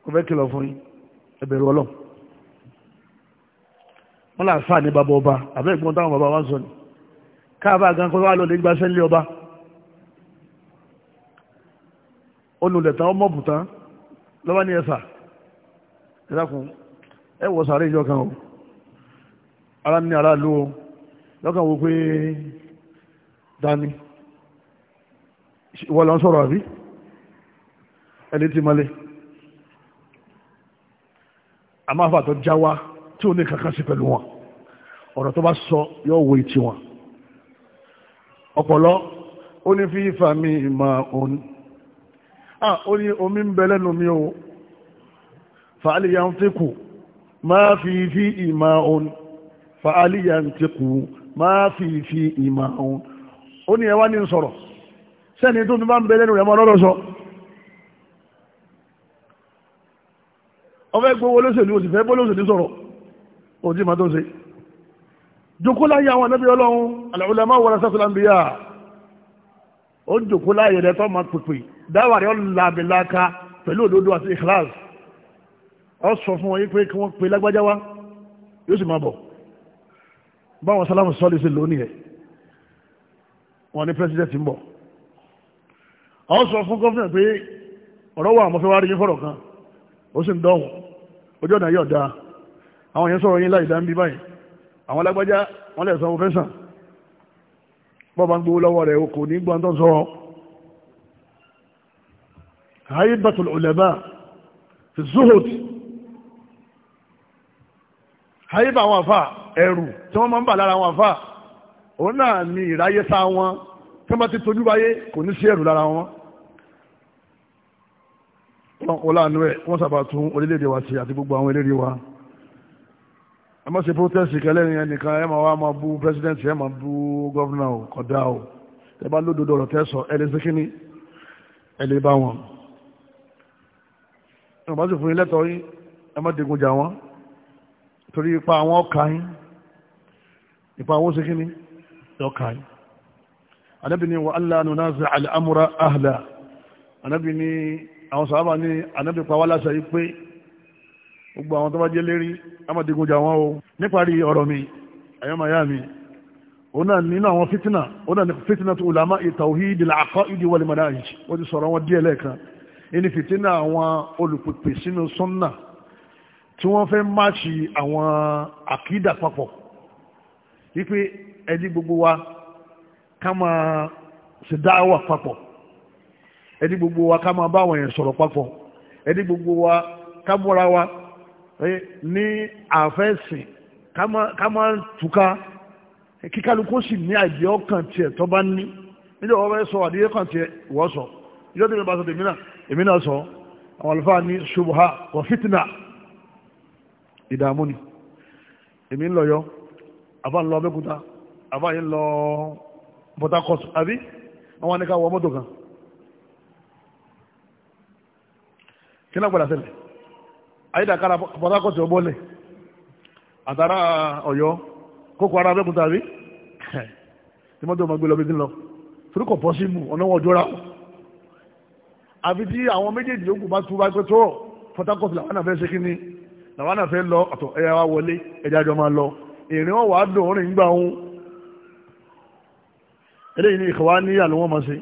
kò fẹ́ kìlọ̀ fún ẹ̀bẹ̀rù ọlọ́run wọ́n là ń ní bàbá ọba àbẹ́ ìgbọ́n táwọn bàbá wa ń sọ ni káàbà gan kọ́ wá lọ lè gbaṣẹ́ ńlẹ̀ ọba olùlẹ̀tàn ọmọ bùtán lọ́wọ́ ní ẹ̀sà ẹ̀dàkùn ẹ̀wọ̀ sàárè ìjọ kan o ara ní aráàlú o lọ́kàn wo pé dání wọ́n lọ sọ̀rọ̀ àbí ẹni tí mọ́lẹ̀ àmáfà tó jáwá tí ò ní kankan sí pẹ̀lú wọn ọ̀rọ̀ tó bá sọ yóò wo ìtì wọn ọ̀pọ̀lọ́ ó ní fi ìfà mi ìmọ̀ òun à ah, ó ní omi ń bẹ lẹ́nu mi o fàálìyà ń fi kù máa fi fi ìmọ̀ òun fàálìyà ń ti kù máa fi fi ìmọ̀ ọ̀hún ó ní ẹwà ní sọ̀rọ̀ sẹ́ni tó tún bá ń bẹ lẹ́nu rẹ̀ mọ́ lọ́rọ̀ sọ ọfẹ́ gbówó lóṣèlú òsì fẹ́ bólóṣèlú sọ̀rọ̀ òjì máa tó ṣe jòkó láyé àwọn anábí ọlọ́run al-ulama warasatul anbiya ó jòkó láyé rẹ̀ tó máa pèpè dáwà rẹ̀ ọ̀làbìláka pẹ̀lú òdodo àti ikhlas ọ sọ fún wọn yí pé kí wọ́n pe lágbájá yóò sì máa bọ̀ báwọn sálámù sọ́lé sí lónìí ẹ̀ wọ́n ní president ń bọ̀ àwọn sọ fún gọ́fìnà pé ọ̀rọ̀ wà mọ́fẹ́ wá rí yín fọ̀rọ̀ kan ó sì ń dọ̀hùn ojú ọ̀nà yóò dáa àwọn yẹn sọ̀rọ̀ yín láì dá ń bí báyìí àwọn alágbájá wọ́n lè sanwó fẹ́ sàn bọ́ bá ń gbowó lọ́wọ́ rẹ̀ kò ní gbọ́n tó ń sọ̀rọ̀ ayé bàtùl ulama fi zuhud àyíbá àwọn àfà ẹ̀rù tí wọ́n máa ń bà lára àwọn àfà òun náà ni ìráyé sá wọn tí wọ́n bá ti tojú báyé kò ní sí ẹ̀rù lára wọn. wọ́n láàánú ẹ̀ wọ́n sábà tún orílẹ̀-èdè wa ṣe àti gbogbo àwọn eléré wa. ẹ má ṣe protest kẹlẹ́rin ẹnìkan ẹ máa wá máa bú president ẹ máa bú gọ́vnà o kódà o ẹ bá lódodo ọ̀rọ̀ tẹ́ ẹ lè ṣe kíní ẹ lè bá wọn. ẹ má sì fún yín lẹ́tọ̀ọ́ yín ẹ má digun jà wọ́n torí ipa àwọn ọkà yín ipa àwọn ṣe kíní ọkà yín anábì ni wà allah nù náà sí al'amura ahla anábì ni àwọn sàábà ní anábì pa wá láṣà yí pé gbogbo àwọn tó bá jẹ́ lérí amadigunjà wọn o níparí ọ̀rọ̀ mi àyọ́màyá mi òun náà nínú àwọn fitina òun náà ni fitina tó ulama ìtàwíìdì làkọ́ ìdí wọlé mọ̀dáyìí ó ti sọ̀rọ̀ wọn díẹ̀ lẹ́ẹ̀kan ìní fitina àwọn olùpèpè sínú sunna tí wọ́n fẹ́ máṣì àwọn àkídà papọ̀ wípé ẹni gbogbo wa ká máa ṣe dáwà papọ̀ ẹni gbogbo wa ká máa bá àwọn èèyàn sọ̀rọ̀ papọ̀ ẹni gbogbo wa ká múra wa ní àfẹ́sìn ká máa túká kíkálukú sì ní àìdíọ́ kan tiẹ̀ tó bá ní níjọ́ wọ́n fẹ́ sọ àdíyẹ́ kan tiẹ̀ wọ́n sọ ìjọ́ tí mi tèmi náà èmi náà sọ àwọn àlùfáà ní ṣubha wa fitna ìdààmú ni èmi ń lọ yọ àbá ń lọ abẹ́kúta àbá yìí ń lọ Port Harcourt àbí wọ́n wá ní ká wọ mọ́tò kan kí náà padà ṣẹlẹ̀ ayédàkára Port Harcourt ti ọbọ̀lẹ̀ àtàrà ọ̀yọ́ kókó ara abẹ́kúta àbí tí mọ́tò máa gbé lọ bí ti ń lọ torí kò pọ́ jọra àfi tí àwọn méjèèjì yòókù bá tú bá pẹ́ tó Port Harcourt làwọn náà ṣe kí ni làwọn náà fẹ́ lọ ọ̀tọ̀ ẹ̀yà wa wọlé ẹ̀jẹ̀ àjọ máa lọ èrè wọn wàá dùn orin gbà wọn eléyìí ní ìkọ̀wá níyà ló wọ́n máa ṣe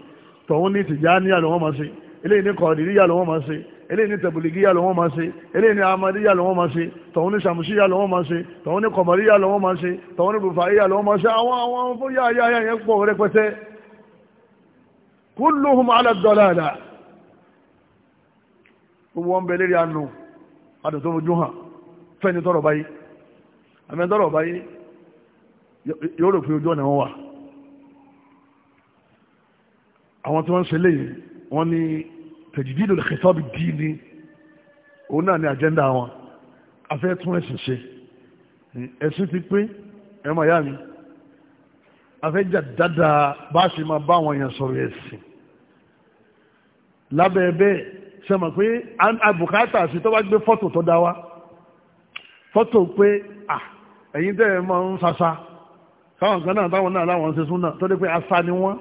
tọ̀hún ní tìjà níyà ló wọ́n máa ṣe eléyìí ní kọ̀ọ̀dìríyà ló wọ́n máa ṣe eléyìí ní tẹ̀bùlìgíyà ló wọ́n máa ṣe eléyìí ní amadíyà ló wọ́n máa ṣe tọ̀hún ní sàmùsíyà ló wọ́n máa ṣe tọ̀hún ní kọ̀mọ̀ríyà ló wọ́n máa ṣe tọ̀hún ní rùfàíyà ló wọ́n máa ṣe àwọn àwọn fún yáyá yẹn pọ̀ rẹpẹtẹ kulluhum ala dalala fẹ́ni tọ́rọ̀ báyé àmì tọ́rọ̀ báyé yóò rò pé ojú ọ̀nà wọn wà àwọn tí wọ́n ń ṣe léyìn wọ́n ní tẹ̀jìdìdò lẹ́kẹ̀tọ́bì dì ní òun náà ní àjẹ́ndà wọn afẹ́ tún ẹ̀sìn ṣe ẹ̀sìn ti pé ẹ máa yá mi afẹ́ jà dáadáa bá a ṣe máa bá àwọn èèyàn sọ̀rọ̀ ẹ̀sìn lábẹ́ ẹ bẹ́ẹ̀ ṣe pé àbùkátà sí tó gbé fọ́tò tó dá wa fọ́tò pé à ah, ẹ̀yin tẹ́ ẹ máa ń sasa káwọn kan náà táwọn náà láwọn ṣe súnà tó dé pé asa ni wọ́n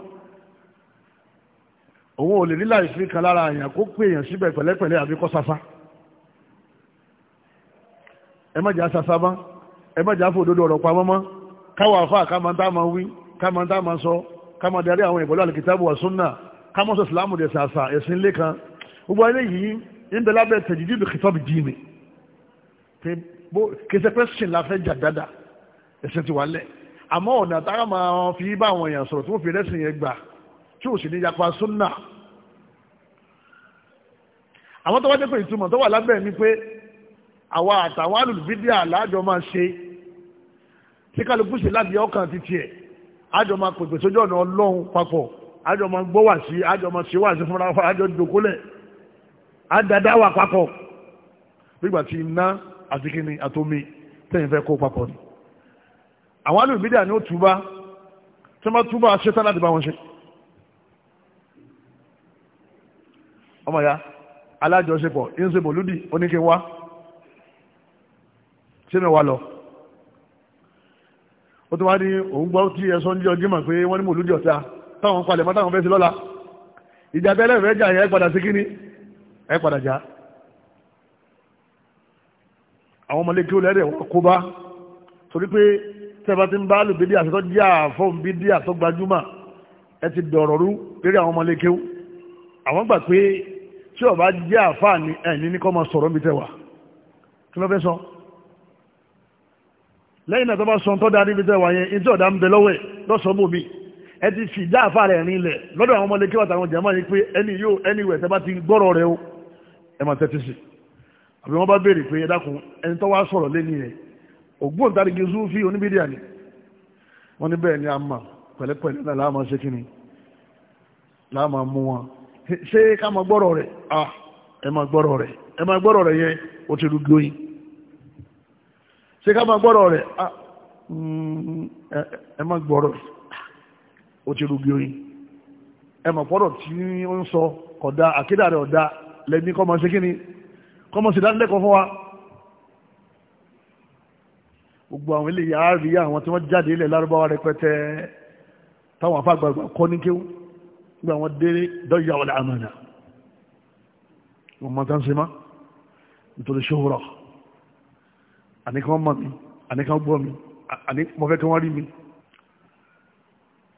òun ò lè ní láì fi kan lára àyàn kó pé èèyàn síbẹ̀ pẹ̀lẹ́pẹ̀lẹ́ àbí kọ́ sasa ẹ má jà sasa mọ́ ẹ má jà fòdodo ọ̀rọ̀ pamọ́ mọ́ káwọn àfa ká máa dá máa wí ká máa dá máa sọ ká darí àwọn ìbọ̀lú àlùkìtàbù wa súnà ká sọ ìsìlámù dẹ̀ sàṣà ẹ̀sìn lé kan gbogbo eléyìí ń bẹ lábẹ́ tẹ̀jídìdì bó kìsẹ́ pẹ́sìn la fẹ́ jà dáadáa ẹ̀sìn ti wà lẹ̀ àmọ́ ọ̀nà tára máa fi bá àwọn èèyàn sọ̀rọ̀ tí wọ́n fi rẹ́sìn yẹn gbà tí ò sì ní yapa súnà àwọn tó wá jẹ́ pé ìtumọ̀ tó wà lábẹ́ ni pé àwa àtàwọn alùbídíà láàjọ máa ṣe tí kálukú sí láti ọkàn ti tiẹ̀ àjọ máa pèpè sójú ọ̀nà ọlọ́run papọ̀ àjọ máa gbọ́ wà sí àjọ máa ṣe wà sí fúnra àjọ dòkólẹ̀ àdàdà wà papọ̀ nígbà tí iná àti kíni àtomi tẹ́yìn fẹ́ kó papọ̀ ni àwọn alùmídà ni ó túbá tí wọ́n túbá ṣetán láti bá wọn ṣe ọmọ ya alájọṣepọ̀ ìṣe mòlúdì oníke wá ṣé mẹ́wàá lọ ó tún wá ní òun gbọ́ tí ẹ̀sọ́ ń jẹ́ ọjọ́ mọ̀ pé wọ́n ní mòlúdì ọ̀tá táwọn palẹ̀mọ́ táwọn fẹ́ sí lọ́la ìjà bẹ́lẹ̀ fẹ́ jà yẹn padà sí kíní ẹ padà jà àwọn ọmọlẹ́kí olẹ́rẹ̀ wọn kó bá torí pé tẹ́bà ti ń bá lù bídí àtọ́tọ́ jẹ́ àfọ́n bídí àtọ́ gbajúmọ̀ ẹ ti dọ̀rọ̀ rú lérí àwọn ọmọlẹ́kí àwọn gbà pé tí ọba jẹ́ àfáà ní ẹ̀ní ní kọ́ máa sọ̀rọ̀ mi tẹ́wà kí ló fẹ́ sọ lẹ́yìn náà tó bá sọ tó dáa níbi tẹ́wà yẹn ìjọ ọ̀dà ń bẹ lọ́wọ́ ẹ̀ lọ́sọ̀ọ́ bòmí ẹ ti fi ìjà àfáà rẹ̀ rin lẹ̀ lọ́dọ̀ àwọn ọmọlẹ́kí wàtàwọn jàmáà yìí pé ẹni yóò ẹni wẹ̀ tẹ́ bá ti gbọ́rọ̀ rẹ̀ o ẹ máa tẹ́tí sí i àbí wọ́n bá béèrè pé ẹ dákun ẹni tó wá sọ̀rọ̀ lé ní ẹ̀ zúfì oníbídíà ni wọ́n ní bẹ́ẹ̀ ni a mà pẹ̀lẹ́pẹ̀lẹ́ náà láàmà ṣe ni láàmà mú wọn ṣé ká máa gbọ́rọ̀ rẹ̀ à ẹ máa gbọ́rọ̀ rẹ̀ ẹ máa gbọ́rọ̀ rẹ̀ yẹn ó ti rúgbó yín ṣé ká gbọ́rọ̀ rẹ̀ à mm, ẹ gbọ́rọ̀ rẹ̀ ó ti yín ẹ gbọ́rọ̀ tí ó ń sọ kọ́mọ̀ sí dánilẹ́kọ̀ọ́ fún wa gbogbo àwọn ilé yàrá rí àwọn tí wọ́n jáde ilẹ̀ lárúbáwá rẹpẹtẹ táwọn afágbàgbà kọ́ ní kéwú nígbà wọn dé dọ́yà wọlé àmàna wọn mọ tán sí ma nítorí ṣòwòrọ̀ àníkan mọ̀ mi àníkan gbọ́ mi àní mo fẹ́ kí wọ́n rí mi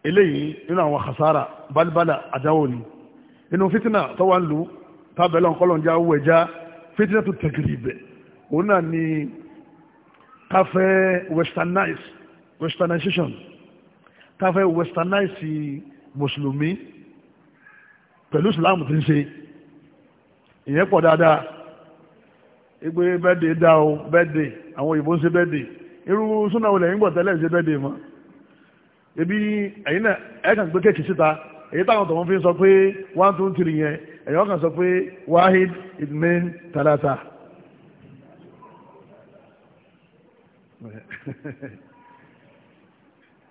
eléyìí nínú àwọn àkàsára balibala àdáwò ni nínú fitina tọ́wọ́ ń lu tábẹ́lọ́nkọ́lọ́njá wẹ̀já fẹ́tínà tu tẹ̀gìrì una ni káfẹ́ westernize westernization káfẹ́ westernize mùsùlùmí pẹ̀lú islam ti ń ṣe ìyẹn pọ̀ dáadáa igbe bẹ́ẹ̀dẹ̀ dá o bẹ́ẹ̀dẹ̀ àwọn òyìnbó ń ṣe bẹ́ẹ̀dẹ̀ irú súnà wọlé yín gbọ̀ ń ṣe bẹ́ẹ̀dẹ̀ mọ́ ebi ẹ̀yin náà ẹ̀ kàn gbé kéèkì síta èyí táwọn tọ̀wọ́n fi sọ pé one two three yẹn ẹ̀yọ́ kan sọ pé wahid idmin talata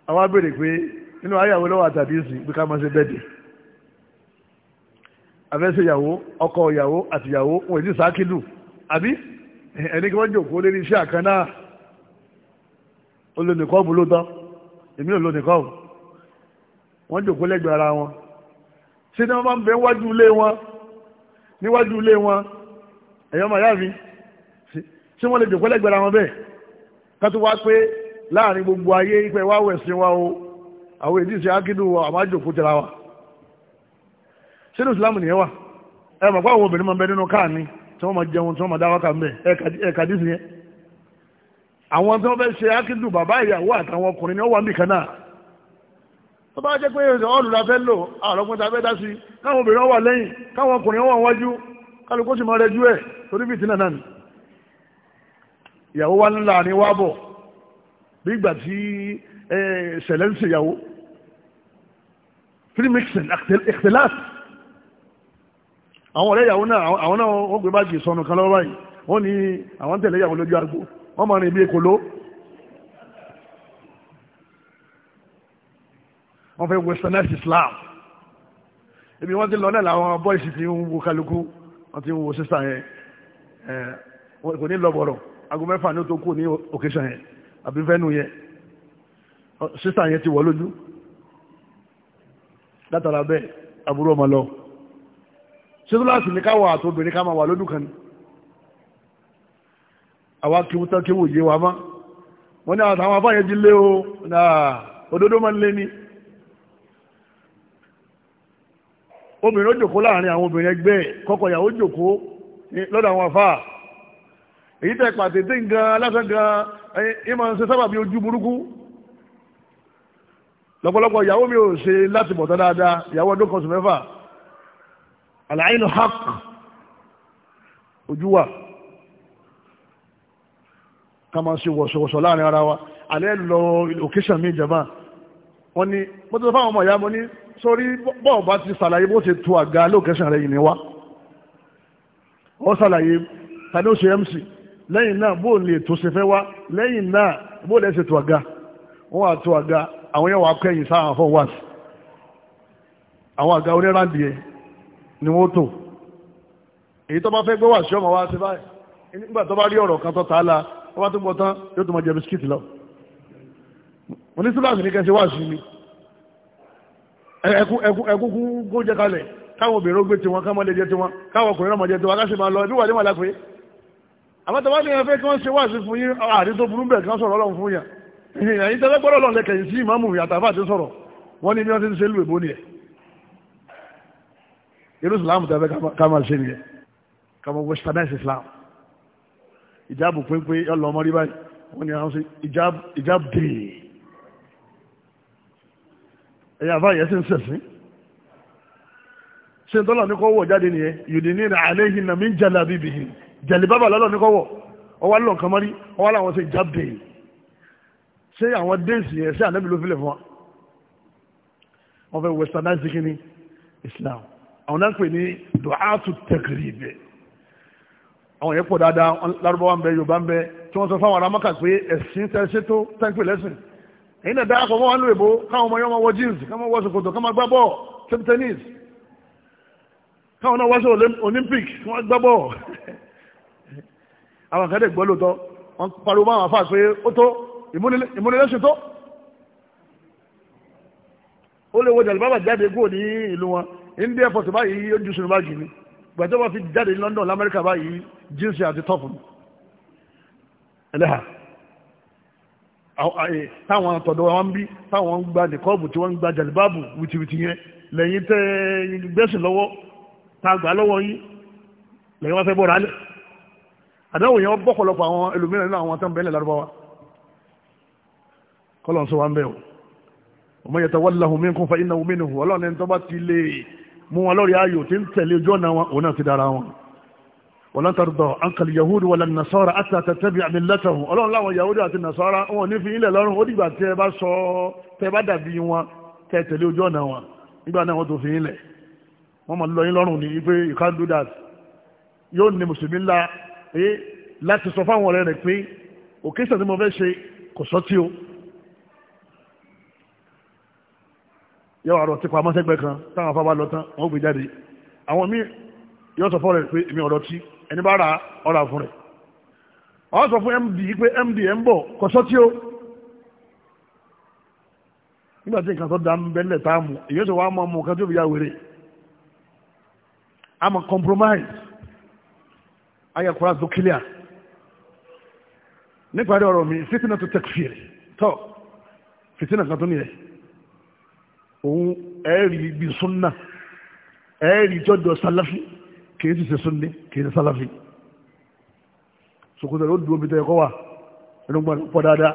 àwọn abèrè pé nínú ayàwó lọ́wọ́ àtàbí sí bí ká máa ṣe bẹ́ẹ̀dì afẹ́sẹ̀ ìyàwó ọkọ ìyàwó àti ìyàwó wọn èdè sákìlù àbí ẹni kí wọ́n jòkó lérí iṣẹ́ àkànná olónìkọ́ọ̀bù ló tán èmi ò lónìkọ́ọ̀bù wọ́n jòkó lẹ́gbẹ̀ẹ́ ara wọn ṣé ní wọ́n máa ń bẹ wájú ilé wọn níwájú ilé wọn ẹ̀yọ́ màá yáàfin ṣé wọ́n lè jòkó lẹ́gbẹ̀rẹ̀ àwọn bẹ́ẹ̀ ká tó wá pé láàrin gbogbo ayé ipẹ́ wá wẹ̀ wa o àwọn èdè ìṣe àmájòkó tẹ̀ra wa ṣé ní ìsìlámù nìyẹn wà ẹ mọ̀ pé àwọn obìnrin máa ń bẹ nínú káà ni tí wọ́n máa jẹun tí wọ́n máa dá wákà ń bẹ̀ ẹ̀ka dísìn yẹn àwọn tí wọ́n fẹ́ ṣe ákídù bàbá ìyàwó àtàwọn ọkùnrin ni wọ́n wà níkànnà tó bá jẹ́ pé ọ̀lù la fẹ́ lò àrọ́gbọ́n ta fẹ́ dá sí káwọn obìnrin wà lẹ́yìn káwọn ọkùnrin wà wájú kálukú sì máa rẹjú ẹ̀ torí fìtínà náà ni ìyàwó wa ńlá ni wá bọ̀ bí ìgbà tí ṣẹlẹ̀ ń ṣe ìyàwó free mixing ikhtilat àwọn ọ̀rẹ́ ìyàwó náà àwọn náà wọ́n gbé báàgì sọnù kan lọ́wọ́ báyìí wọ́n ní àwọn tẹ̀lé ìyàwó lójú àgbo wọ́n máa rìn bí ekòló wọ́n fẹ́ westernize Islam ibi wọ́n ti lọ náà làwọn boys ti ń wo kálukú wọ́n ti ń wo sísá yẹn kò ní lọ́bọ̀rọ̀ aago mẹ́fà ní ó tó kú ní occasion yẹn àbí venue yẹn sísá yẹn ti wọ̀ lójú látara bẹ́ẹ̀ àbúrò ọmọ lọ ṣétúláàsì ní káwà àtòbìnrin ká máa wà lójú kan ní àwa kíwútọ́ kíwú yé wa má wọ́n ní àtàwọn afáyẹ́dí lé o òdodo máa ń lé ní obìnrin ó jòkó láàrin àwọn obìnrin ẹgbẹ́ kọ́kọ́ ìyàwó jòkó eh, lọ́dọ̀ àwọn afá èyí tẹ́ pàtẹ́ tí gan lásán gan ìmọ̀ ṣe sábà bí ojú burúkú lọ́pọ̀lọpọ̀ ìyàwó mi ò ṣe láti bọ̀ tán dáadáa ìyàwó ọdún kan sùn mẹ́fà àlàyínú hak ojú wà ká máa ṣe wọ̀ṣọ̀wọ̀ṣọ̀ láàrin ara wa alẹ́ lọ òkèṣàn mi ìjàmbá wọ́n ní mọ́tò fáwọn ọmọ ìyá mo ní sórí bọ́ọ̀ bá ti ṣàlàyé bó ṣe tu àga lókẹ́sàn rẹ̀ yìí ni wá ó ṣàlàyé tani ó ṣe mc lẹ́yìn náà bó lè tó ṣe fẹ́ wá lẹ́yìn náà bó lè ṣe tu àga wọ́n wà tu àga àwọn yẹn wà kẹ́yìn sáà fún wáàsì àwọn àga oníráǹdì yẹn ni wọ́n tò èyí tó bá fẹ́ gbé wàṣí ọmọ wa ti báyìí nígbà tó bá rí ọ̀rọ̀ kan tó ta la wọ́n bá tó gbọ́ tán yóò tó máa jẹ bisikíìtì lọ. mo ní ẹkúkú kó jẹ kalẹ̀ káwọn obìnrin gbé tiwọn káwọn lè jẹ tiwọn káwọn ọkùnrin náà mọ̀ jẹ tiwọn káṣí máa lọ ẹbí wà ní màlá pé àbátawá ní ẹfẹ́ kí wọ́n ṣe wáàsí fún yín àti tó burú bẹ̀ kí wọ́n sọ̀rọ̀ ọlọ́run fún yà ẹ̀yìn tẹ́lẹ̀ gbọ́dọ̀ lọ́n lẹ́kẹ̀yìn sí ìmáàmù àtàfà ti sọ̀rọ̀ wọ́n ní bí wọ́n ti ń ṣe lù èbó ni ẹ̀ irú islam tẹ́fẹ́ ká máa ṣe nìyẹn ká máa westernize islam ìjáàbù pínpín ọlọ́mọ rí báyìí wọ́n ní àwọn ìjáàbù dèè ẹ̀yà báyẹ̀ sí ń sẹ̀sìn ṣe tọ́lá ní kọ́wọ́ jáde nìyẹn yìí ní ìrìn àléhìn náà mi ń jẹ́lá bíbí yìí jẹ̀lì bábà lọ́lọ́ ní kọ́wọ́ ọwá lọ kan mọ́rí ọwá làwọn ṣe jáde ṣé àwọn déèsì yẹn ṣé ànábì ló filẹ̀ fún wa wọ́n fẹ́ westernize kí ni Islam àwọn náà pè ní duhatu tẹkiribe àwọn yẹn pọ̀ dáadáa lárúbáwá ń bẹ Yorùbá ń bẹ tí wọ́n sọ fáwọn aramaka pé ẹ̀sìn tẹ́ ṣètò tẹ́ ń ẹ̀yìn náà dáàpọ̀ mọ́ wọn lò èbó káwọn ọmọ yọ máa wọ jeans káwọn wọ ṣòkòtò káwọn gbá bọ́ọ̀ tẹ́bí káwọn náà wá sí olympic wọ́n gbá bọ́ọ̀ àwọn kan dẹ̀ gbọ́ lóòótọ́ wọ́n pariwo máa wà fà pé ó tó ìmúnilẹ́sìn tó ó lè wo jàlùbábà jáde kúrò ní ìlú wọn india airport báyìí ó ju sinimá báàgì ni gbàtọ́ bá fi jáde ní London lamẹ́ríkà báyìí jeans àti tọ́pù ẹlẹ́hàá Eh, táwọn àtọ̀dọ̀ wọn bí táwọn ń gba nìkọ́ọ̀bù tí wọ́n ń gba jàlibáàbù wìtìwìtì yẹn lẹ́yìn tẹ́ gbẹ́sùn lọ́wọ́ tá a gbà lọ́wọ́ yín lẹ́yìn wọ́n fẹ́ bọ́ra alẹ́ àdáwò yẹn bọ́kọ̀lọpọ̀ àwọn ẹlòmíràn nínú àwọn tó ń bẹ́ẹ̀ lárúbáwá kọ́lọ̀ sọ wa ń bẹ̀ o ọmọ yẹtọ̀ wọ́n lahùn mí kún fa iná omi nìhù ọlọ́run ẹni tó bá ti lè mú wọn lórí ayò tí ń tẹ̀lé ojú ọ̀nà wọn òun náà ti dára wọn wọ́n tàrùdọ̀ ankal yahudu wọ́n nasara àtàtàtàbí àmìlẹ́tàhùn ọlọ́run láwọn yahudu àti nasara wọn ní fi ilẹ̀ lọ́rùn ó dìgbà tẹ́ bá sọ tẹ́ bá dàbí wọn tẹ́ tẹ̀lé ojú ọ̀nà wọn nígbà náà wọ́n tó fi ilẹ̀ wọ́n máa lọ yín lọ́rùn ní pé you can't do that yóò ní mùsùlùmí ńlá ẹ láti sọ fáwọn ọ̀rẹ́ rẹ̀ pé òkè sàn tí mo fẹ́ ṣe kò sọ tí o yọ àrò tí pamọ́ sẹ́gbẹ́ kan táwọn afábá lọ tán wọ́n gbé jáde àwọn míì yọ sọ fọ́ọ̀rẹ́ pé èmi ọ̀rọ̀ tí ẹni bá ra ọ̀rà fún rẹ̀ ọ sọ fún md pé md ń bọ̀ ó nígbà tí nǹkan tó da ń tá a mú èyí sọ wàá nǹkan tí ó fi wèrè a máa compromise ayé kura tó kílíà níparí ọ̀rọ̀ mi fitina tó tọ́ fitina kìí sì ṣe súnni kìí ṣe sálàfì ṣòkòtò ló dúró bí tẹ́ ẹ̀kọ́ wà ẹnu pọ̀ dáadáa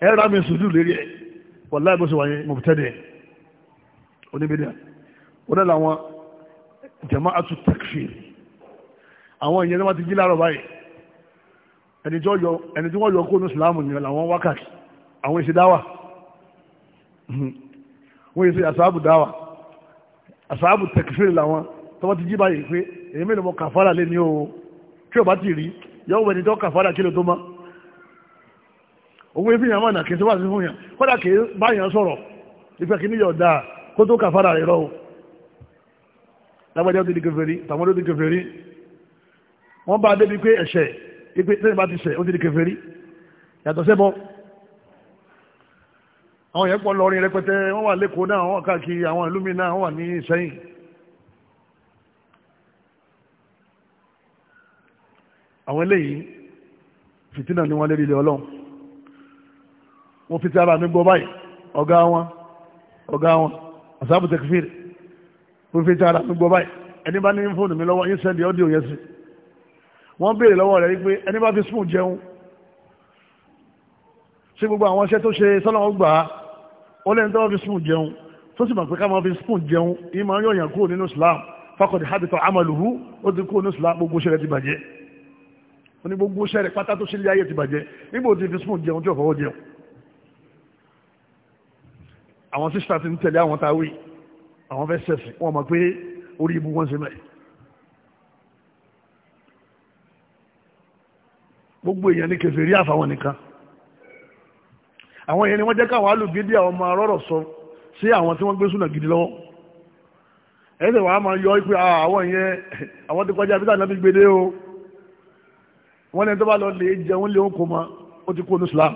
ẹ rà mí sùdú lérí ẹ̀ wọ́n láì bó ṣe wà yẹn mo tẹ́ dẹ̀ oníbìdíà ó dẹ́ làwọn jama'atu takfir àwọn ìyẹn tó bá ti jí láàárọ̀ báyìí ẹni tí wọ́n yọ kó ní ìsìlámù ni làwọn wákàtí àwọn èsì dáwà wọ́n èsì àsáàbù dáwà àsáàbù tọ́wọ́ ti jí báyìí pé èyí mélòó mọ kàfàrà lé ní o tí o bá ti rí yọ̀wọ́ ẹni tó kàfàrà kí ló tó mọ́ owó efi yàn máa nà kí n tó bá ti fún yàn kódà kì í bá yàn sọ̀rọ̀ ìfẹ́ kì í níyọ̀ dáa kó tó kàfàrà rẹ̀ wọ́n bá débi pé ẹ̀ṣẹ̀ ipe tẹ́lẹ̀ bá ti ṣẹ̀ ó ti di kèfèrí yàtọ̀ sẹ́bọ̀ àwọn yẹn pọ̀ lọrin rẹpẹtẹ wọ́n wà lẹ́kọ̀ọ́ náà wọ́n káàkiri àwọn ìlú wọ́n wà ní Ìṣẹ́yìn àwọn eléyìí fìtínà ni wọ́n lérí ilé ọlọ́run wọ́n fi ti ara mi gbọ́ báyìí ọ̀gá wọn ọ̀gá wọn àsáàbù tẹkifíìrì wọ́n fi ti ara mi gbọ́ báyìí ẹni bá ní fóònù mi lọ́wọ́ yín sẹ́ndì ọ́dí òyìn sí wọ́n béèrè lọ́wọ́ rẹ̀ wípé ẹni bá fi spoon jẹun ṣé gbogbo àwọn iṣẹ́ tó ṣe sọ́lọ́wọ́ gbà á ó lẹ́ni tó fi spoon jẹun tó sì mọ̀ pé ká máa fi spoon jẹun yín máa yọ̀yàn kúrò nínú Islam fakọ̀dé hábitọ̀ amaluhu ó ti kúrò nínú Islam gbogbo ṣẹlẹ̀ ti bàjẹ́ ó ní gbogbo sẹ́rẹ̀ pátá tó sílé ayé ti bàjẹ́ nígbò tí fi spoon jẹun tí ò fọwọ́ jẹun àwọn sísá ti ń tẹ̀lé àwọn táwé àwọn fẹ́ sẹ̀sìn wọn mọ̀ pé orí ibu wọn ṣe mẹ́ gbogbo èèyàn ní kẹfẹ́ rí àfàwọn nìkan àwọn èèyàn ni wọ́n jẹ́ káwọn alùbídí àwọn ọmọ arọ́rọ̀ sọ sí àwọn tí wọ́n gbé súnà gidi lọ́wọ́ ẹ̀ẹ́dẹ̀ wàá máa yọ pé ah, àwọn ìyẹn àwọn ti kọjá bí táwọn náà fi gbede o wọ́n lẹ́ni tó bá lọ lè jẹun lé oúnkò mọ́ ó ti kó ní islam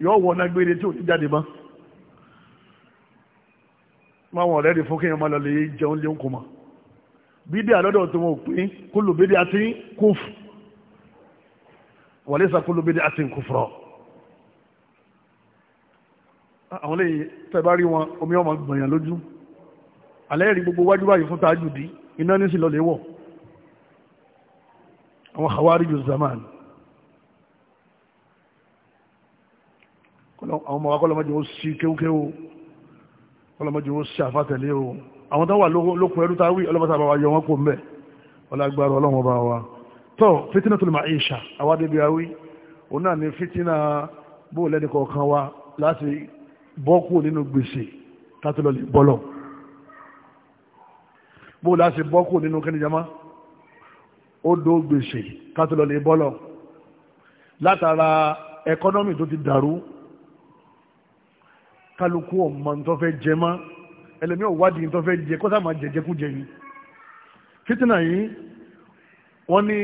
yóò wọ̀ náà gbére tí ò ní jáde mọ́ máa wọ̀n rẹ́ẹ̀dì fún kéèyàn máa lọ lè jẹun lé oúnkò mọ́ bídí àlọ́dọ̀ tó wọn ò pín kúlù àti kúf wàlẹ́sà kúlù bídí àti kúfrọ̀ àwọn lè tẹ́bá wọn omi ọmọ gbọ̀nyàn lójú alẹ́ rí gbogbo wájú báyìí fún tájù dí iná ní sí lọ lè wọ̀ àwọn khawariju zaman àwọn ọmọ akọ́lọ́mọdé ó sí kéwúkéwú ọlọ́mọdé ó sí àfàtẹ̀lé o àwọn tán wà lókun ẹrú táwí ọlọ́mọdé àbáwá yọ wọn kò mẹ́ ọlágbára ọlọ́mọ bá wa tó fitina tul ma'isha àwádébí awí òun náà ni fitina bóòlẹ́ni kọ̀ọ̀kan wa láti bọ́kù nínú gbèsè tátìlọ́lì bọ́lọ̀ bóòlẹ́ àti bọ́kù nínú kẹ́nìjàmá odò gbèsè kátólọ̀ lè bọ́lọ̀ látara ẹkọ́nọ́mì tó ti dàrú kálukú ọmọ tó fẹ́ jẹ mọ́ ẹlẹ́mí ọ̀wádìí tó fẹ́ jẹ kó sáà máa jẹjẹkú jẹ yìí fìtínà yìí wọ́n ní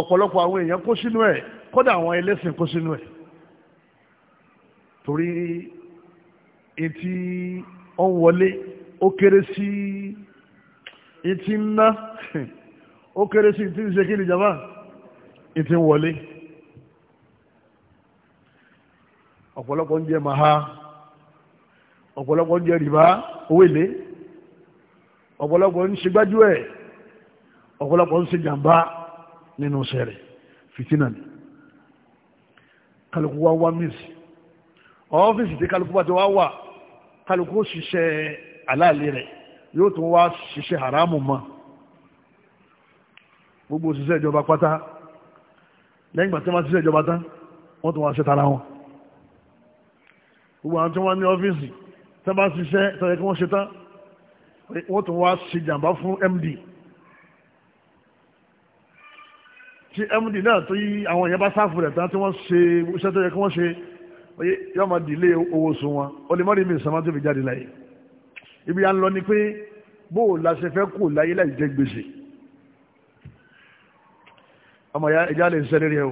ọ̀pọ̀lọpọ̀ àwọn èèyàn kó sínú ẹ̀ kódà àwọn ẹlẹ́sìn kó sínú ẹ̀ torí etí ọ̀n wọlé ó kéré sí etí ńná ó kéré sí tí ń ṣe kí ni jama ìtì wọlé ọ̀pọ̀lọpọ̀ ń jẹ maha ọ̀pọ̀lọpọ̀ ń jẹ rìbá owó èlé ọ̀pọ̀lọpọ̀ ń ṣe gbájú ẹ̀ ọ̀pọ̀lọpọ̀ ń ṣe jàǹbá nínú sẹ̀rẹ̀ fìtínà ni kálukú wá wá mísì ọ́fíìsì tí kálukú bá ti wá wà kálukú ṣiṣẹ́ aláàlẹ́ rẹ̀ yóò tún wá ṣiṣẹ́ haramu mọ́ gbogbo òṣìṣẹ́ ìjọba pátá lẹ́yìn ìgbà tí wọ́n ṣiṣẹ́ ìjọba tán wọ́n tún wá ṣe tara wọn gbogbo àwọn tí wọ́n ní ọ́fíìsì tí wọ́n bá ṣiṣẹ́ tọ́jú kí wọ́n ṣe tán wọ́n tún wá ṣe jàǹbá fún md tí md náà tó yí àwọn èèyàn bá sáfù rẹ̀ tán tí wọ́n ṣe iṣẹ́ tó yẹ kí wọ́n ṣe yóò máa dìlé owó oṣù wọn ó lè mọ́rí mi ìsàmá tó fi jáde láyé ibi à ń lọ ni pé bó la ṣe fẹ́ kù láyé láì jẹ gbèsè ọmọ ya ẹja lè ṣiṣẹ́ lérí ẹ o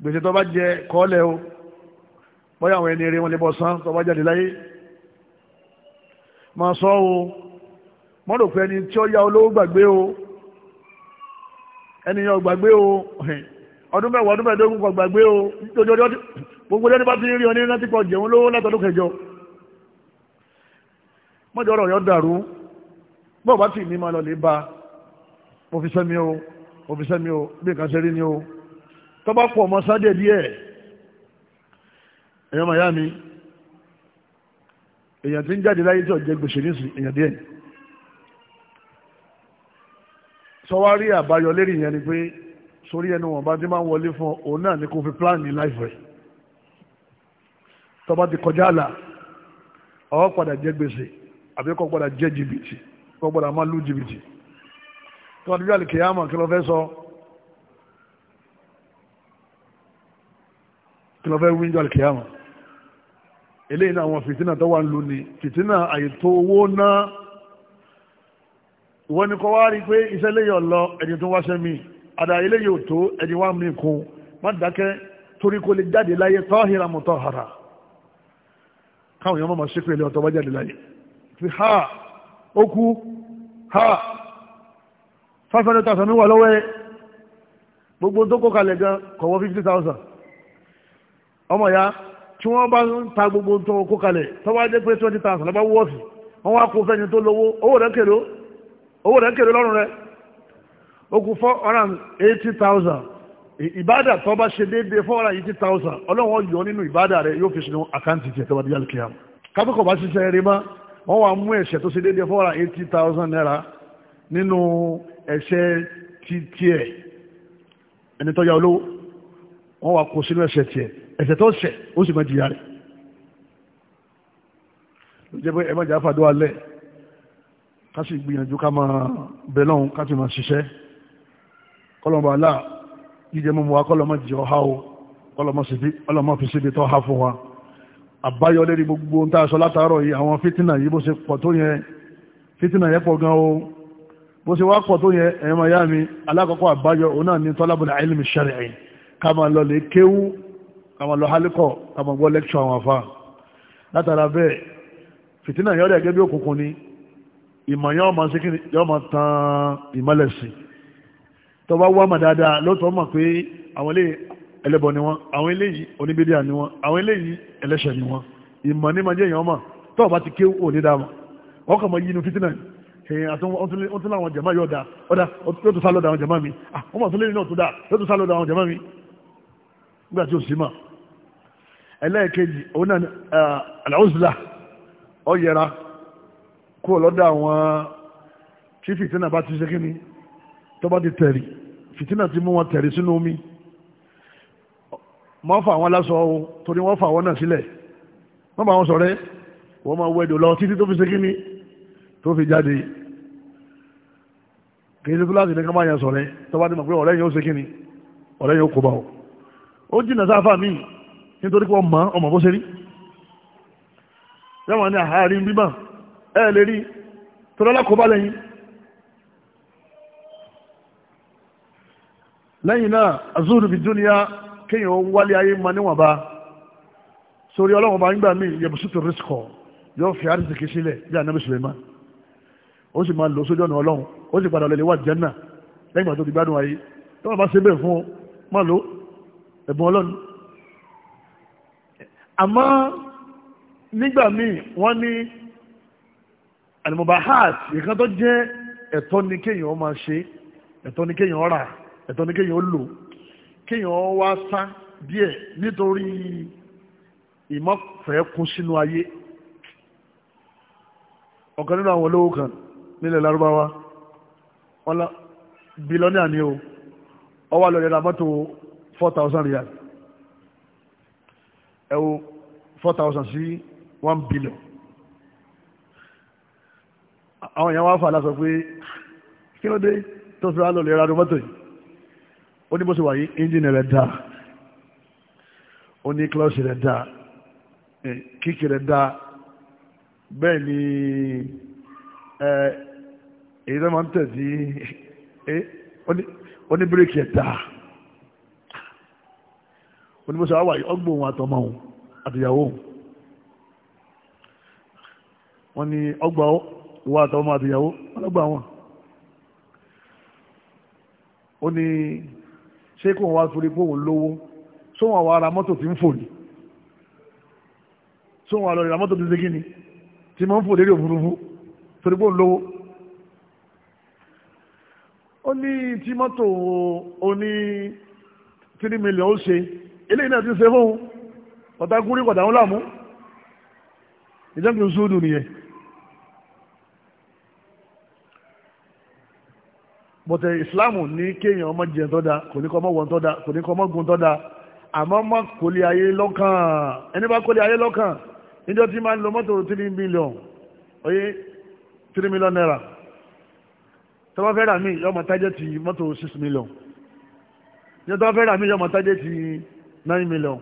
gbèsè tó bá jẹ kọ́ọ̀lẹ̀ o bóyá àwọn ẹni eré wọn lè bọ̀ sán tó bá jáde láyé máa sọ o mọ́rò pé ẹni tí ó yá olówó gbàgbé o ẹni yẹn gbàgbé o ọdún mẹ́wàá ọdún mẹ́ẹ̀ẹ́dógún kan gbàgbé o gbogbo ẹni bá ti rí ọ ní láti pọ̀ jẹun lówó látọdún kẹjọ mọ́jọ́ ọ̀rọ̀ yọ dàrú bọ́ọ̀ bá tì ní máa lọ lè ba mo fi sẹ́mi o òfìsẹ́ mi o bí nǹkan ṣe rí ni o tó bá pọ̀ ọmọ sáde díẹ̀ èèyàn màyá mi èèyàn tí ń jáde láyé tí ọ̀jẹ̀ gbèsè ní sùn èèyàn díẹ̀ sọwárí àbáyọ lérí yẹn ni pé sórí ẹnu wọn bá ti máa ń wọlé fún ọ náà ni kò fi plan ní life rẹ tó bá ti kọjá àlà ọ padà jẹ gbèsè àbí kò padà jẹ jìbìtì kò padà máa lu jìbìtì tó àdújọ́ àlìkìyàmọ̀ kí ló fẹ́ sọ kí ló fẹ́ wí jọ àlìkìyàmọ̀ eléyìí náà àwọn fìtínà tó wà ń lu ni fìtínà àìtó owó náà ìwọ ni kọ́ wá rí pé iṣẹ́ lè yọ̀ lọ ẹni tó wáṣẹ́ mi àdá ilé yóò tó ẹni wá mi kún má dákẹ́ torí kò lè jáde láyé tọ́hìrà mọ́ tọ́hàrà káwọn èèyàn mọ́ máa ṣépè lé ọ̀tọ̀ bá jáde láyé fi ha ó kú ha five hundred thousand wà lọ́wọ́ ẹ gbogbo tó kó kalẹ̀ gan kọ̀wọ́ fifty thousand ọmọ ya tí wọ́n bá ń ta gbogbo tó kó kalẹ̀ tó bá jẹ́ pé twenty thousand lọ́ba wọ́ọ̀fì wọ́n wá kó fẹ́ni tó lówó owó rẹ̀ kèrò owó rẹ̀ kèrò lọ́rùn rẹ̀ ó kù eighty thousand ìbádà tó bá ṣe déédéé four eighty thousand ọlọ́wọ́n yọ nínú ìbádà rẹ̀ yóò fi sínú àkáǹtì tiẹ̀ tó bá dé yàrá kíá kápẹ́kọ̀ bá ṣiṣẹ́ rẹ̀ mọ́ eighty thousand naira nínú ẹ̀ṣẹ̀ tiẹ̀ ẹni tó ya olówó wọ́n wà kó sínú ẹ̀ṣẹ̀ tiẹ̀ ẹ̀ṣẹ̀ tó ṣẹ̀ ó sì máa jìyà rẹ̀ ló jẹ́ pé ẹ má jà fàdó alẹ́ ká sì gbìyànjú ká máa bẹ̀ lọ́hùn ká sì máa ṣiṣẹ́ kọ́lọ́mọ alá jíjẹ mọ́mọ́ wa kọ́lọ́mọ jẹ́ ọ̀há o kọ́lọ́mọ fi síbi tó há fún wa àbáyọ lérí gbogbo ń tá sọ látàárọ̀ yìí àwọn fítínà yìí bó ṣe pọ̀ tó yẹn fítínà yẹn pọ̀ gan o bó ṣe wá pọ̀ tó yẹ ẹ̀yìn maya mi alákọ̀ọ́kọ́ àbáyọ òun náà ní tọ́lábùn àìlìmì ṣẹ̀rẹ̀ ká máa lọ lè kéwú ká lọ hálíkọ̀ ká gbọ́ lẹ́kṣọ̀ àwọn afá látara bẹ́ẹ̀ fìtínà yọ́rẹ̀ gẹ́gẹ́ bí òkùnkùn ni ìmọ̀ yọ́ máa ṣe kíni yọ́ máa tan ìmọ̀lẹ̀ sí tó bá wá mà dáadáa lóòótọ́ mọ̀ pé àwọn eléyìí ẹlẹ́bọ ni wọ́n àwọn eléyìí ọtún láwọn jẹ̀má yóò dá ọ̀dá yóò tún sálọ́dà àwọn jẹ̀má mi ah, wọ́n mọ̀ tún lẹ́yìn náà tún dá yóò tún sálọ́dà àwọn jẹ̀má mi nígbà tí ó sì mà ẹlẹ́ẹ̀kejì òun náà aláwùsùlà ọ yẹra kú ọlọ́dà àwọn tí fìtínà bá ti ṣe kíni tó bá ti tẹ̀rì fìtínà ti mú wọn tẹ̀rì sínú omi mọ́ fà wọn lásọ o torí wọ́n fà wọn náà sílẹ̀ wọ́n bá wọn sọ̀rẹ́ wọ́n máa wẹ́dọ̀ lọ títí tó fi ṣe kíni tó fi jáde kì í ṣe fúláṣí ní kámáyà sọ̀rẹ́ tó bá ní mọ̀ pé ọ̀rẹ́ yẹn ó ṣe kíni ọ̀rẹ́ yẹn ó kó bá ọ ó jìnnà sáfà míì nítorí pé ọmọ ọmọ bó ṣe rí yẹ́wọ̀n ní àárín bímọ̀ ẹ lè rí tó lọ́lá lẹ́yìn lẹ́yìn náà azúrù fi dúnìyà kéèyàn ó wálé ayé ma níwọ̀nba sórí bá ń gbà yẹ̀bùsùtò ó sì máa lò sójú ọ̀nà ọlọ́run ó sì padà lọ lè wà jẹ́nà lẹ́yìn tó ti gbádùn ayé tó wọ́n bá ṣe bẹ́ẹ̀ fún ọ máa lò ẹ̀bùn ọlọ́run àmọ́ nígbà míì wọ́n ní al-mubahat nǹkan tó jẹ́ ẹ̀tọ́ ni kéèyàn máa ṣe ẹ̀tọ́ ni kéèyàn rà ẹ̀tọ́ ni kéèyàn lò kéèyàn wá sá díẹ̀ nítorí ìmọ̀fẹ́ kún sínú ayé ọ̀kan nínú àwọn olówó kan nílẹ̀ Lárúbáwá bílọ́nì àní o ọwà lọ́lẹ̀ ra mọ́tò 4,000 riyal ẹ̀wọ̀ 4,000 sí 1 billion àwọn èèyàn wá fà lásọ pé kí ló dé tó fi wá lọ́lẹ̀ ra mọ́tò yìí ó ní bó ṣe wà yí ẹ́ńjìnì rẹ̀ dáa ó ní klọ́ọ̀ṣì rẹ̀ dáa kíkì rẹ̀ dáa bẹ́ẹ̀ ni èyí tó máa ń tẹ̀ sí oníbíríkì ẹ̀ta oníbíríkì àwà ọgbọ̀n ohun àtọmọ ohun àtìyàwó ohun wọ́n ní ọgbà ìwà àtọmọ àtìyàwó wọ́n lọ́gbà wọn ó ní ṣé kí wá torí pé òun lówó sóhun àwọn ará mọ́tò tí ń fò ní sóhun àlọ́ ìrà mọ́tò tí ń ṣe ni tí máa ń fò lérí òfurufú torí pé òun lówó ó ní tí mọ́tò oní tírí mílíọ̀n ó ṣe eléyìí náà ti ṣe fóun ọ̀tagúnrí kọ̀dáwọn láàmú ìjọ́kùn sódù nìyẹn bọ̀tẹ̀ ìsìláàmù eh, ní kéèyàn ọmọ jẹ tọ́da kò ní kọ́ ọmọ wọn tọ́da kò ní kọ́ ọmọ gun tọ́da àmọ́ ọmọ kò lè ayé lọ́kàn ẹni bá kò lè ayé lọ́kàn níjọ́ tí máa ń lo mọ́tò tírí mílíọ̀n oyé tírí mílíọ̀n náírà tó bá fẹ́ rà mí yọmọ tájẹ́ ti mọ́tò six million yọ tó bá fẹ́ rà mí yọmọ tájẹ́ ti nine million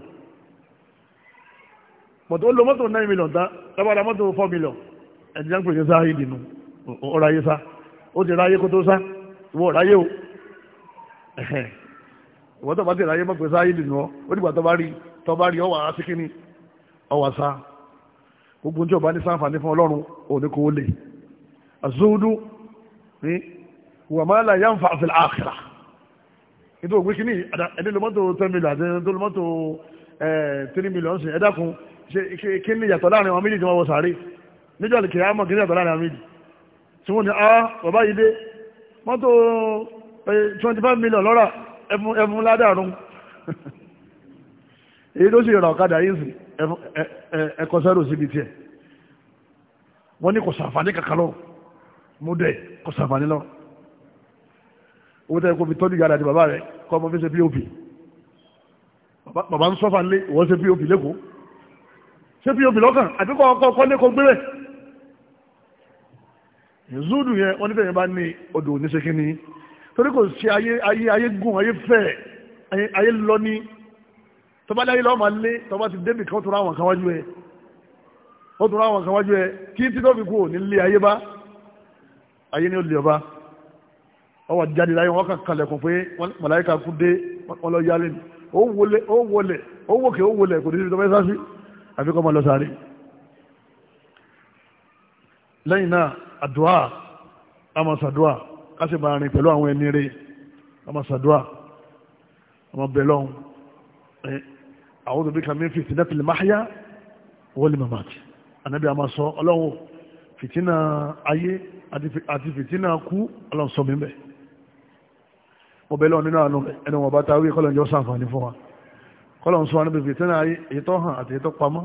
mọ̀tò ó lo mọ́tò nine million tán lọ́wọ́dà mọ́tò four million ẹ̀jẹ̀ ń pèsè sáré ìdìnnú ọ̀rọ̀ ayé sá ó ti ráyé kó tó sá ìwọ ráyé o ìwọ tó bá ti ráyé mọ́tò sáré ìdìnnú ọ ó dìgbà tó bá rí tó bá rí ọwà síkíní ọwà sá gbogbo ní ọba ní sáǹfààní fún ọlọ́run òní kò lè àzúdú ní wà máa là yá ń fa àfẹ́lẹ̀ àkàrà ètò ògbé kìíní ẹni ló mọ́tò ten million àti ẹni tó ló mọ́tò three million sí ẹ̀dá kun kí ni yàtọ̀ láàrin àwọn méjì tí wọ́n wọ sàárè níjọ́ àlè kìíyà mọ̀ kí ni yàtọ̀ láàrin àwọn méjì tí wọ́n ní a ah, bàbá yìí dé mọ́tò twenty five million lọ́ra ẹfun ládàrún èyí tó sì rà ọ̀kadà yìí sí ẹkọ sẹ́rù síbi tiẹ̀ wọ́n ní kò sàǹfààní kankan lọ mú dẹ̀ owó tẹ́ kó fi tọ́jú ìyá àti bàbá rẹ̀ kọ́ ọmọ fi ṣe pop bàbá ń sọ́fà ńlé ìwọ́n ṣe pop lẹ́kọ̀ọ́ ṣe pop lọ́kàn àti kọ́ ọkọ̀ ọkọ̀ lẹ́kọ̀ọ́ gbé rẹ̀ zudu yẹn wọ́n nífẹ̀ẹ́ yẹn bá ní odò oníṣẹ́kí ni torí kò sí ayé ayé ayé gùn ayé fẹ́ ayé lọ ní tọ́ba láyé lọ́wọ́ máa lé tọ́ba ti débì kan tó ra àwọn kan wájú ẹ̀ ó tó ra àwọn kan wájú ẹ̀ kí títọ́ fi kú ò ní lé ayé bá ayé ni ó lè ọba ọwọ́ jáde láyé wọ́n kàn kalẹ̀kùn pé màláìka kú dé wọ́n lọ yálé ni ó wọlé ó wọlé ó wòkè ó wọlé kò ní síbi tó fẹ́ sásí àfi kọ́ máa lọ sáré lẹ́yìn náà àdúrà àmọ̀sàdúrà kásì máa rìn pẹ̀lú àwọn ẹni rẹ̀ àmọ̀sàdúrà àmọ̀bẹ̀lọ́hún a'udhu bika min fitnatil mahya wal mamat ànábì àmà sọ ọlọ́run fìtínà ayé àti fìtínà kú ọlọ́run sọ mi bẹ́ẹ̀ mo bẹ̀lọ́ nínú àánú ẹni wọn bá ta wí kọ́lọ̀ ń jọ sàǹfààní fún wa kọ́lọ̀ ń sọ wọn níbi fìtínà ètò hàn àti ètò pamọ́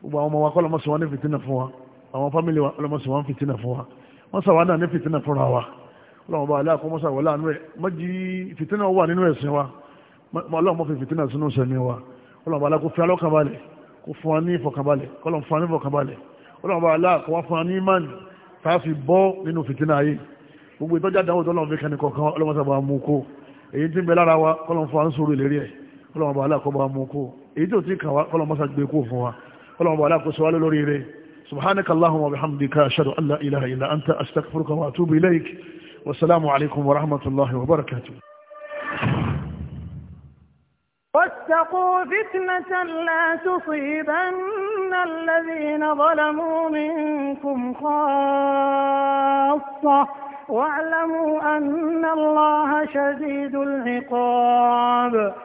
gbogbo àwọn ọmọ wa kọ́lọ̀ mọ́sọ̀ wọn ní fìtínà fún wa àwọn fámìlì wa kọ́lọ̀ mọ́sọ̀ wọn fìtínà fún wa wọ́n sàwọn náà ní fìtínà fúnra wa ọlọ́run bá aláàkọ́ mọ́sà wọlé àánú ẹ̀ mọ́jì fìtínà wà nínú ẹ̀sìn wa ọlọ́run mọ́ fi fìtínà sínú sẹ́mi wa ọlọ́run bá aláàkọ́ fi alọ́kànbalẹ̀ kó fún wa ní bá aláàkọ́ wá fún nínú fìtínà gbogbo ìtọ́jà dáwọ́ tọ́lọ́run fi kẹ́ni kọ̀ọ̀kan ọlọ́run sábà mú kó èyí tí ń bẹ lára wa kọ́lọ́run fún wa ń sọ̀rọ̀ ìlérí ẹ̀ kọ́lọ́run bá aláàkọ́ bá mú kó èyí tí ò tí kàn wá kọ́lọ́run bá sàgbé kó fún wa kọ́lọ́run bá aláàkọ́ sọ واتقوا فتنة لا تصيبن الذين ظلموا منكم خاصة واعلموا أن الله شديد العقاب